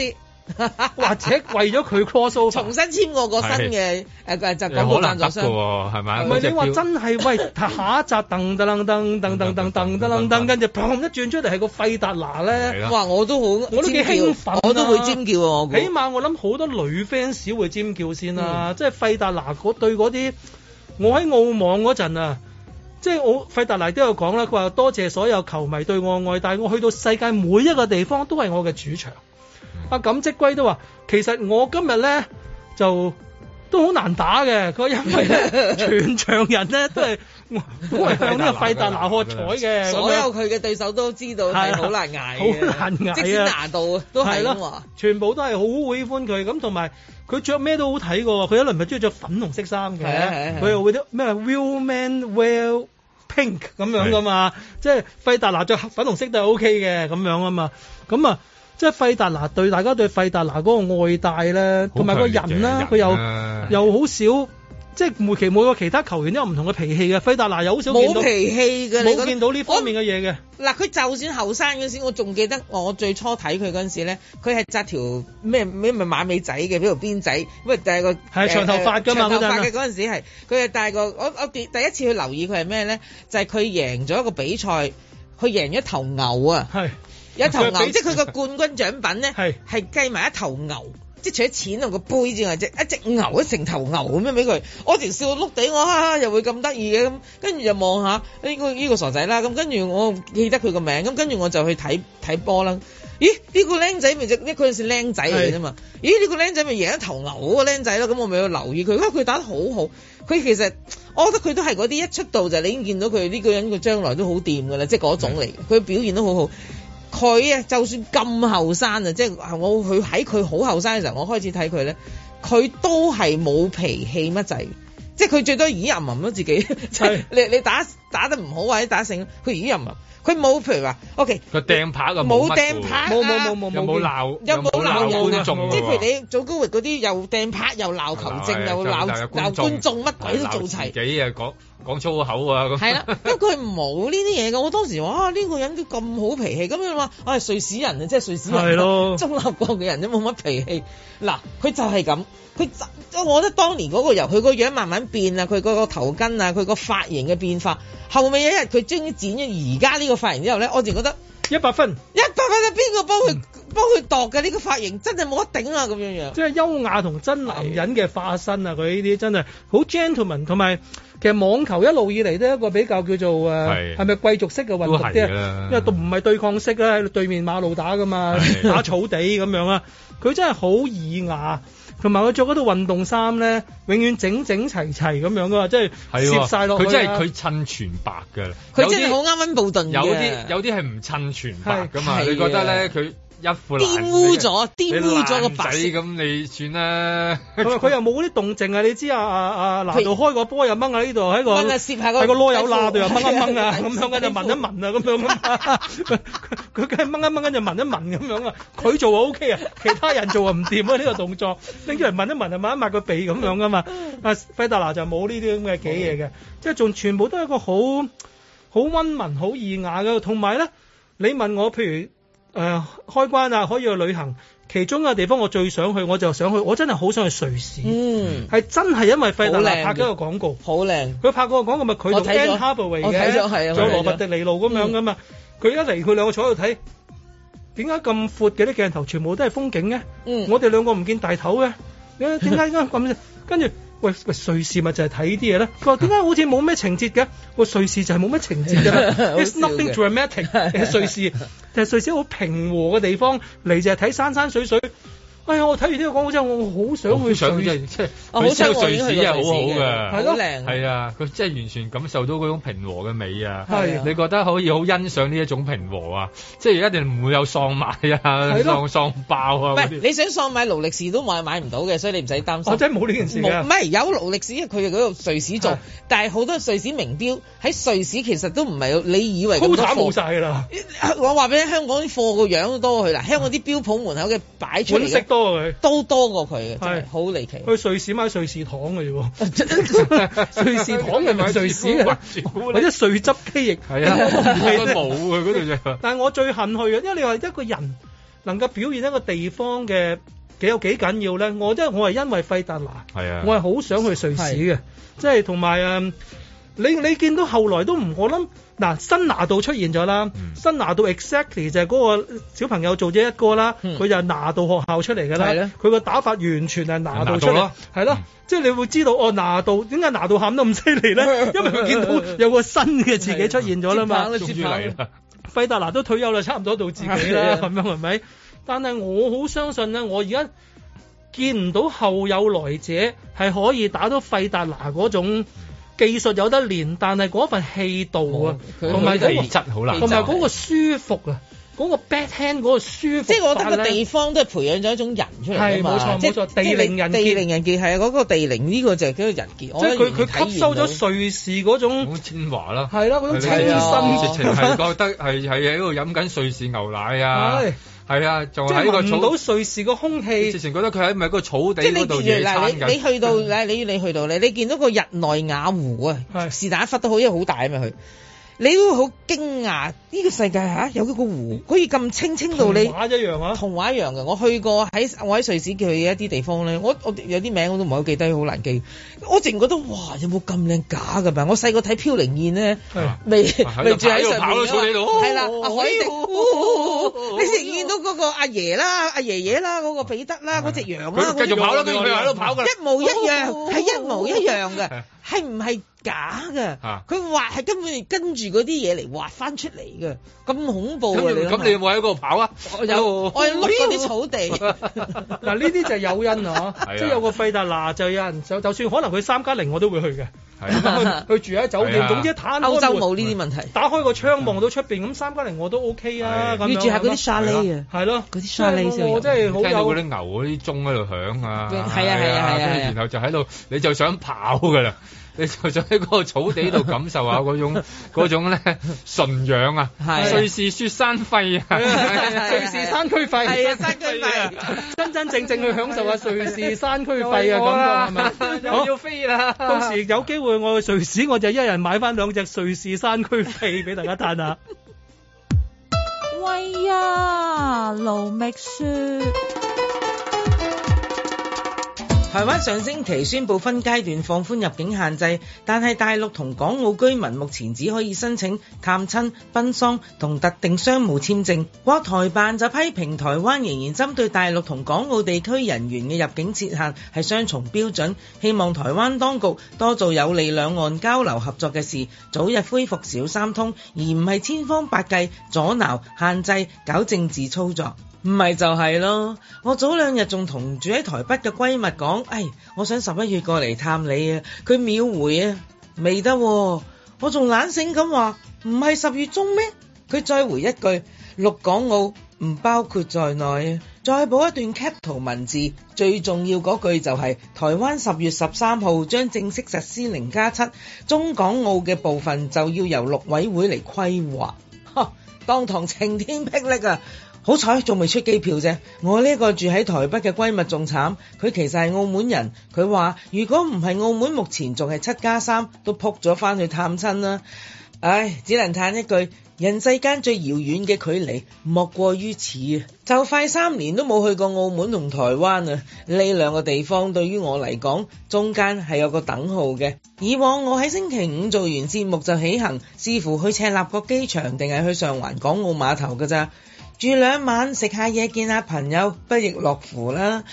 或者為咗佢 cross over 重新簽過個新嘅誒、啊，就廣告贊助商喎，係咪？唔係你話真係喂看看 stroke... 下一集噔噔噔噔噔噔噔噔，跟住砰一轉出嚟係個費達拿咧，哇！我都好，我都幾興奮、啊，我都會尖叫喎、啊。 起碼我諗好多女 fans 會尖叫先啦，即係費達拿嗰對嗰啲，我喺澳網嗰陣啊，即係我費達拿都有講啦，佢話多謝所有球迷對我愛戴，但我去到世界每一個地方都係我嘅主場。 阿錦織龜都話，其實我今日咧就都好難打嘅，佢因為咧全場人咧 都係都係向呢個費達拿喝彩嘅， 所有佢嘅對手都知道係好難挨，好難挨，即使拿到都係咁、啊、全部都係好喜歡佢咁，同埋佢着咩都好睇噶，佢一輪咪中意着粉紅色衫嘅，佢又會啲咩 Real man wear pink 咁樣噶嘛，即係費達拿着粉紅色都係 O K 嘅咁樣啊嘛，咁啊。即係費達拿對大家對費達拿嗰個愛戴咧，同埋個人啦、啊，佢又又好少，即、就、係、是、每期每個其他球員都有唔同嘅脾氣嘅，費達拿又好少冇脾氣嘅，冇見到呢方面嘅嘢嘅。嗱，佢就算後生嗰時，我仲記得我最初睇佢嗰陣時咧，佢係紮條咩咩咪馬尾仔嘅，俾條辮仔，咁但係個係長頭髮噶嘛，長頭髮嘅嗰陣時係，佢啊戴個我我第一次去留意佢係咩咧，就係佢贏咗一個比賽，佢贏咗頭牛啊！ 一，頭牛 一頭牛，即係佢個冠軍獎品咧，係係計埋一頭牛，即係除咗錢同個杯之外，只一隻牛，一成頭牛咁樣俾佢。我條笑到碌地，我哈哈、啊，又會咁得意嘅咁。跟住就望下呢個呢個傻仔啦。咁跟住我記得佢個名，咁跟住我就去睇睇波啦。咦？呢、這個僆仔咪即係佢係僆仔嚟啫嘛？咦？呢、這個僆仔咪贏一頭牛嗰個僆仔咯？咁我咪要留意佢。哇、啊！佢打得好好。佢其實，我覺得佢都係嗰啲一出道就你已經見到佢呢個人，佢將來都好掂噶啦，即係嗰種嚟。佢表現都好好。佢啊，就算咁後生啊，即係我佢喺佢好後生嘅時候，我開始睇佢咧，佢都係冇脾氣乜滯，即係佢最多已經任冧咗自己。自己 你你打打得唔好或者打成，佢已經任冧。佢、哎、冇譬如話，O K，佢掟拍又冇掟拍，冇冇冇鬧，又冇鬧人、啊，即係譬如你早高域嗰啲又掟拍又鬧球證又鬧鬧觀眾乜鬼都做齊。啊講粗口啊！咁係啦，因為佢冇呢啲嘢嘅。我當時話：呢個人都咁好脾氣，咁樣話，係瑞士人啊！即係瑞士人，士人中立國嘅人都冇乜脾氣。嗱，佢就係咁，佢，我覺得當年嗰個由，佢個樣慢慢變啊，佢個頭巾啊，佢個髮型嘅變化，後尾有一日佢將剪咗而家呢個髮型之後咧，我仲覺得。一百分，一百分嘅邊、嗯這個幫佢幫佢度嘅？呢個髮型真係冇得頂啊！咁樣樣，即係優雅同真男人嘅化身啊！佢呢啲真係好 gentleman，同埋其實網球一路以嚟都係一個比較叫做誒，係咪貴族式嘅運動啫，因為都唔係對抗式啦，喺對面馬路打噶嘛，打草地咁樣啊，佢 真係好耳雅。同埋佢著嗰套運動衫咧，永遠整整齊齊咁樣噶，即係黐曬落。佢即係佢襯全白嘅。佢即係好啱溫布頓。有啲有啲係唔襯全白噶嘛？你覺得咧佢？玷污咗，玷污咗個白色咁你算啦。佢又冇啲動靜啊！你知啊啊啊！嗱，度開個波又掹喺呢度，喺個喺個囉柚罅度又掹一掹啊，咁樣跟住聞一聞啊，咁樣。佢佢梗係掹一掹跟就聞一聞咁樣啊！佢 這樣 做啊 OK 啊， 其他人做啊唔掂啊！呢個動作拎出嚟聞一聞就抹一抹個鼻咁樣噶嘛。阿費達拿就冇呢啲咁嘅幾嘢嘅，即係仲全部都係一個好好溫文好爾雅嘅。同埋咧，你問我譬如。誒、呃、開關啊，可以去旅行。其中一個地方我最想去，我就想去，我真係好想去瑞士。嗯，係真係因為費德勒拍咗個廣告，好靚。佢拍個廣告咪佢同 Dan Harvey 嘅，仲、啊、有羅伯迪尼路咁樣噶嘛。佢一嚟，佢兩個坐喺度睇，點解咁闊嘅啲鏡頭全部都係風景嘅？嗯，我哋兩個唔見大頭嘅。你點解咁？ 跟住。喂,喂，瑞士咪就係睇啲嘢咧？佢話點解好似冇咩情節嘅？喂，瑞士就係冇咩情節嘅 ，It's nothing dramatic。 瑞士但係瑞士好平和嘅地方嚟，就係睇山山水水。哎呀！我睇完呢個廣告之後，我好想去上去。即係佢真瑞士，真好好嘅，係咯，係啊，佢即係完全感受到嗰種平和嘅美啊！係，你覺得可以好欣賞呢一種平和啊？即係一定唔會有喪買啊，喪喪爆啊！你想喪買勞力士都買買唔到嘅，所以你唔使擔心。我真係冇呢件事啊！唔係有勞力士，佢哋嗰度瑞士做，但係好多瑞士名錶喺瑞士其實都唔係你以為咁好。破產冇晒啦！我話俾你，香港啲貨個樣都多佢啦，香港啲表鋪門口嘅擺出多佢都多過佢嘅，真係好離奇。去瑞士買瑞士糖嘅啫喎。 瑞士糖定買瑞士的？或者瑞士汁雞翼？係 基 啊，冇啊嗰度咋。但係我最恨去啊，因為你話一個人能夠表現一個地方嘅幾有幾緊要咧？我即係我係因為費達拿，係啊，我係好想去瑞士嘅，即係同埋誒。你你見到後來都唔，我諗嗱新拿度出現咗啦、嗯，新拿度 exactly 就係嗰個小朋友做咗一個啦，佢、嗯、就拿度學校出嚟㗎啦，佢個打法完全係拿度出嚟，係咯，即係、嗯就係、你會知道哦，拿度點解拿度喊得咁犀利咧？因為佢見到有個新嘅自己出現咗啦嘛，終於嚟啦，費、嗯嗯、達拿都退休啦，差唔多到自己啦，咁樣係咪？ 但係我好相信咧，我而家見唔到後有來者係可以打到費達拿嗰種。技術有得練，但係嗰份氣度啊，同、嗯、埋氣質好難，同埋嗰個舒服啊，嗰個 bad hand 嗰個舒服，那個、舒服即係我覺得個地方都係培養咗一種人出嚟啊嘛，冇錯，冇錯地靈人傑，地靈人傑係啊，嗰、那個地靈呢個就係叫做人傑，即係佢佢吸收咗瑞士嗰種好精華啦，係咯，嗰種清新情深，直情係覺得係係喺度飲緊瑞士牛奶啊。係啊，仲係聞到瑞士個空氣。直情覺得佢喺咪個草地即係、就是、你住住嗱，你你去到，嗱 你你去到你你去到你見到個日內瓦湖啊，是但一忽都好，因為好大啊嘛佢。你都好驚訝呢個世界吓有呢個湖可以咁清清到你，童話一樣啊！童話一樣嘅，我去過喺我喺瑞士去一啲地方咧，我我有啲名我都唔係好記得，好難記。我淨覺得哇，有冇咁靚假噶嘛？我細個睇《飄零燕》咧，未未、哎、跑未住喺上面啊！係啦，阿海迪，哦哦哦哦哦哦哦你成日見到嗰個阿爺啦、啊、阿爺爺啦、嗰、那個彼得啦、嗰隻羊啦，佢、啊、繼續跑啦，繼續跑跑啦，一模一樣，係一模一樣嘅，係唔係？假噶，佢畫係根本係跟住嗰啲嘢嚟畫翻出嚟噶，咁恐怖嘅、啊。咁你，你有冇喺嗰度跑啊？我有，我有掠啲草地。嗱、 啊，呢啲、啊、就係誘因嗬，即係有個費達嗱，就有人就就算可能佢三加零，我都會去嘅。係啊，就是、住喺酒店，總之攤歐洲冇呢啲問題、啊。打開個窗望到出邊，咁三加零我都 OK 啊。要住喺嗰啲沙尼啊，係咯，嗰啲沙尼先。即係好啲牛嗰啲鐘喺度響啊，係啊係啊係啊，啊，啊，啊，啊，啊，啊，啊，然後就喺度，你就想跑噶啦。你就想喺個草地度感受下嗰種嗰咧 純氧啊，啊，瑞士雪山肺啊，啊 瑞士山區肺，係、啊啊啊、山區肺、啊，真真正正去享受下、啊、瑞士山區肺啊。感覺係咪？我、啊啊啊啊啊、 要飛啦、哦！到時有機會我去瑞士，我就一人買翻兩隻瑞士山區肺俾大家嘆下 喂啊，盧覓雪！台灣上星期宣佈分階段放寬入境限制，但係大陸同港澳居民目前只可以申請探親、奔喪同特定商務簽證。國台辦就批評台灣仍然針對大陸同港澳地區人員嘅入境設限係雙重標準，希望台灣當局多做有利兩岸交流合作嘅事，早日恢復小三通，而唔係千方百計阻撓、限制、搞政治操作。唔係就係咯，我早兩日仲同住喺台北嘅閨蜜講，哎，我想十一月過嚟探你啊，佢秒回啊，未得，我仲懶醒咁話，唔係十月中咩？佢再回一句，陸港澳唔包括在內啊。再補一段 cap 圖文字，最重要嗰句就係，台灣十月十三號將正式實施零加七，中港澳嘅部分就要由陸委會嚟規劃。哈，當堂晴天霹靂啊！好彩仲未出機票啫！我呢個住喺台北嘅閨蜜仲慘，佢其實係澳門人。佢話：如果唔係澳門目前仲係七加三，都撲咗翻去探親啦。唉，只能嘆一句：人世間最遙遠嘅距離莫過於此啊！就快三年都冇去過澳門同台灣啦。呢兩個地方對於我嚟講，中間係有個等號嘅。以往我喺星期五做完節目就起行，視乎去赤鱲角機場定係去上環港澳碼頭㗎咋。住兩晚，食下嘢，見下朋友，不亦樂乎啦！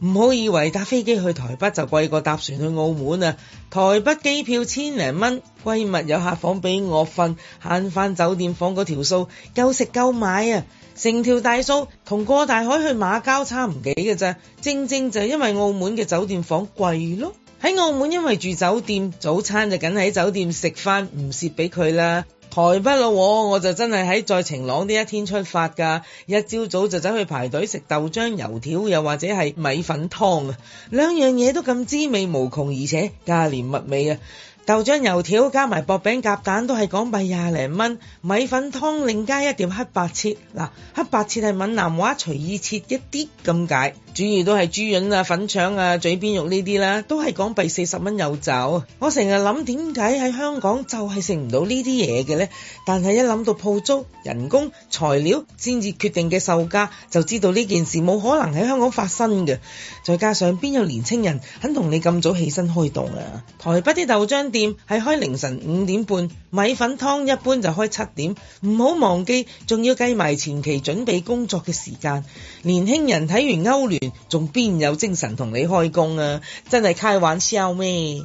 唔好以為搭飛機去台北就貴過搭船去澳門啊！台北機票千零蚊，閨蜜有客房俾我瞓，慳翻酒店房嗰條數，夠食夠買啊！成條大數同過大海去馬交差唔幾嘅咋，正正就因為澳門嘅酒店房貴咯。喺澳門因為住酒店，早餐就梗喺酒店食翻，唔蝕俾佢啦。台北咯，我就真係喺在晴朗啲一天出發㗎，一朝早就走去排隊食豆漿油條，又或者係米粉湯啊，兩樣嘢都咁滋味無窮，而且價廉物美啊！豆漿油條加埋薄餅夾蛋都係港幣廿零蚊，米粉湯另加一碟黑白切，嗱，黑白切係閩南話，隨意切一啲咁解。主要都係豬膶啊、粉腸啊、嘴邊肉呢啲啦，都係港幣四十蚊有找。我成日諗點解喺香港就係食唔到呢啲嘢嘅呢？但係一諗到鋪租、人工、材料先至決定嘅售價，就知道呢件事冇可能喺香港發生嘅。再加上邊有年輕人肯同你咁早起身開檔啊？台北啲豆漿店係開凌晨五點半，米粉湯一般就開七點。唔好忘記仲要計埋前期準備工作嘅時間。年輕人睇完歐聯。仲邊有精神同你開工啊！真係開玩笑咩？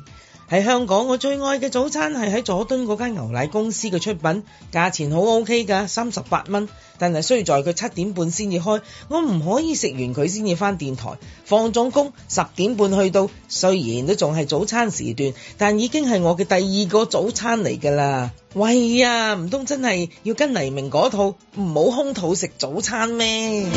喺香港我最愛嘅早餐係喺佐敦嗰間牛奶公司嘅出品，價錢好 OK 㗎，三十八蚊。但係需要在佢七點半先至開，我唔可以食完佢先至返電台放咗工。十點半去到，雖然都仲係早餐時段，但已經係我嘅第二個早餐嚟㗎啦。喂呀，唔通真係要跟黎明嗰套唔好空肚食早餐咩？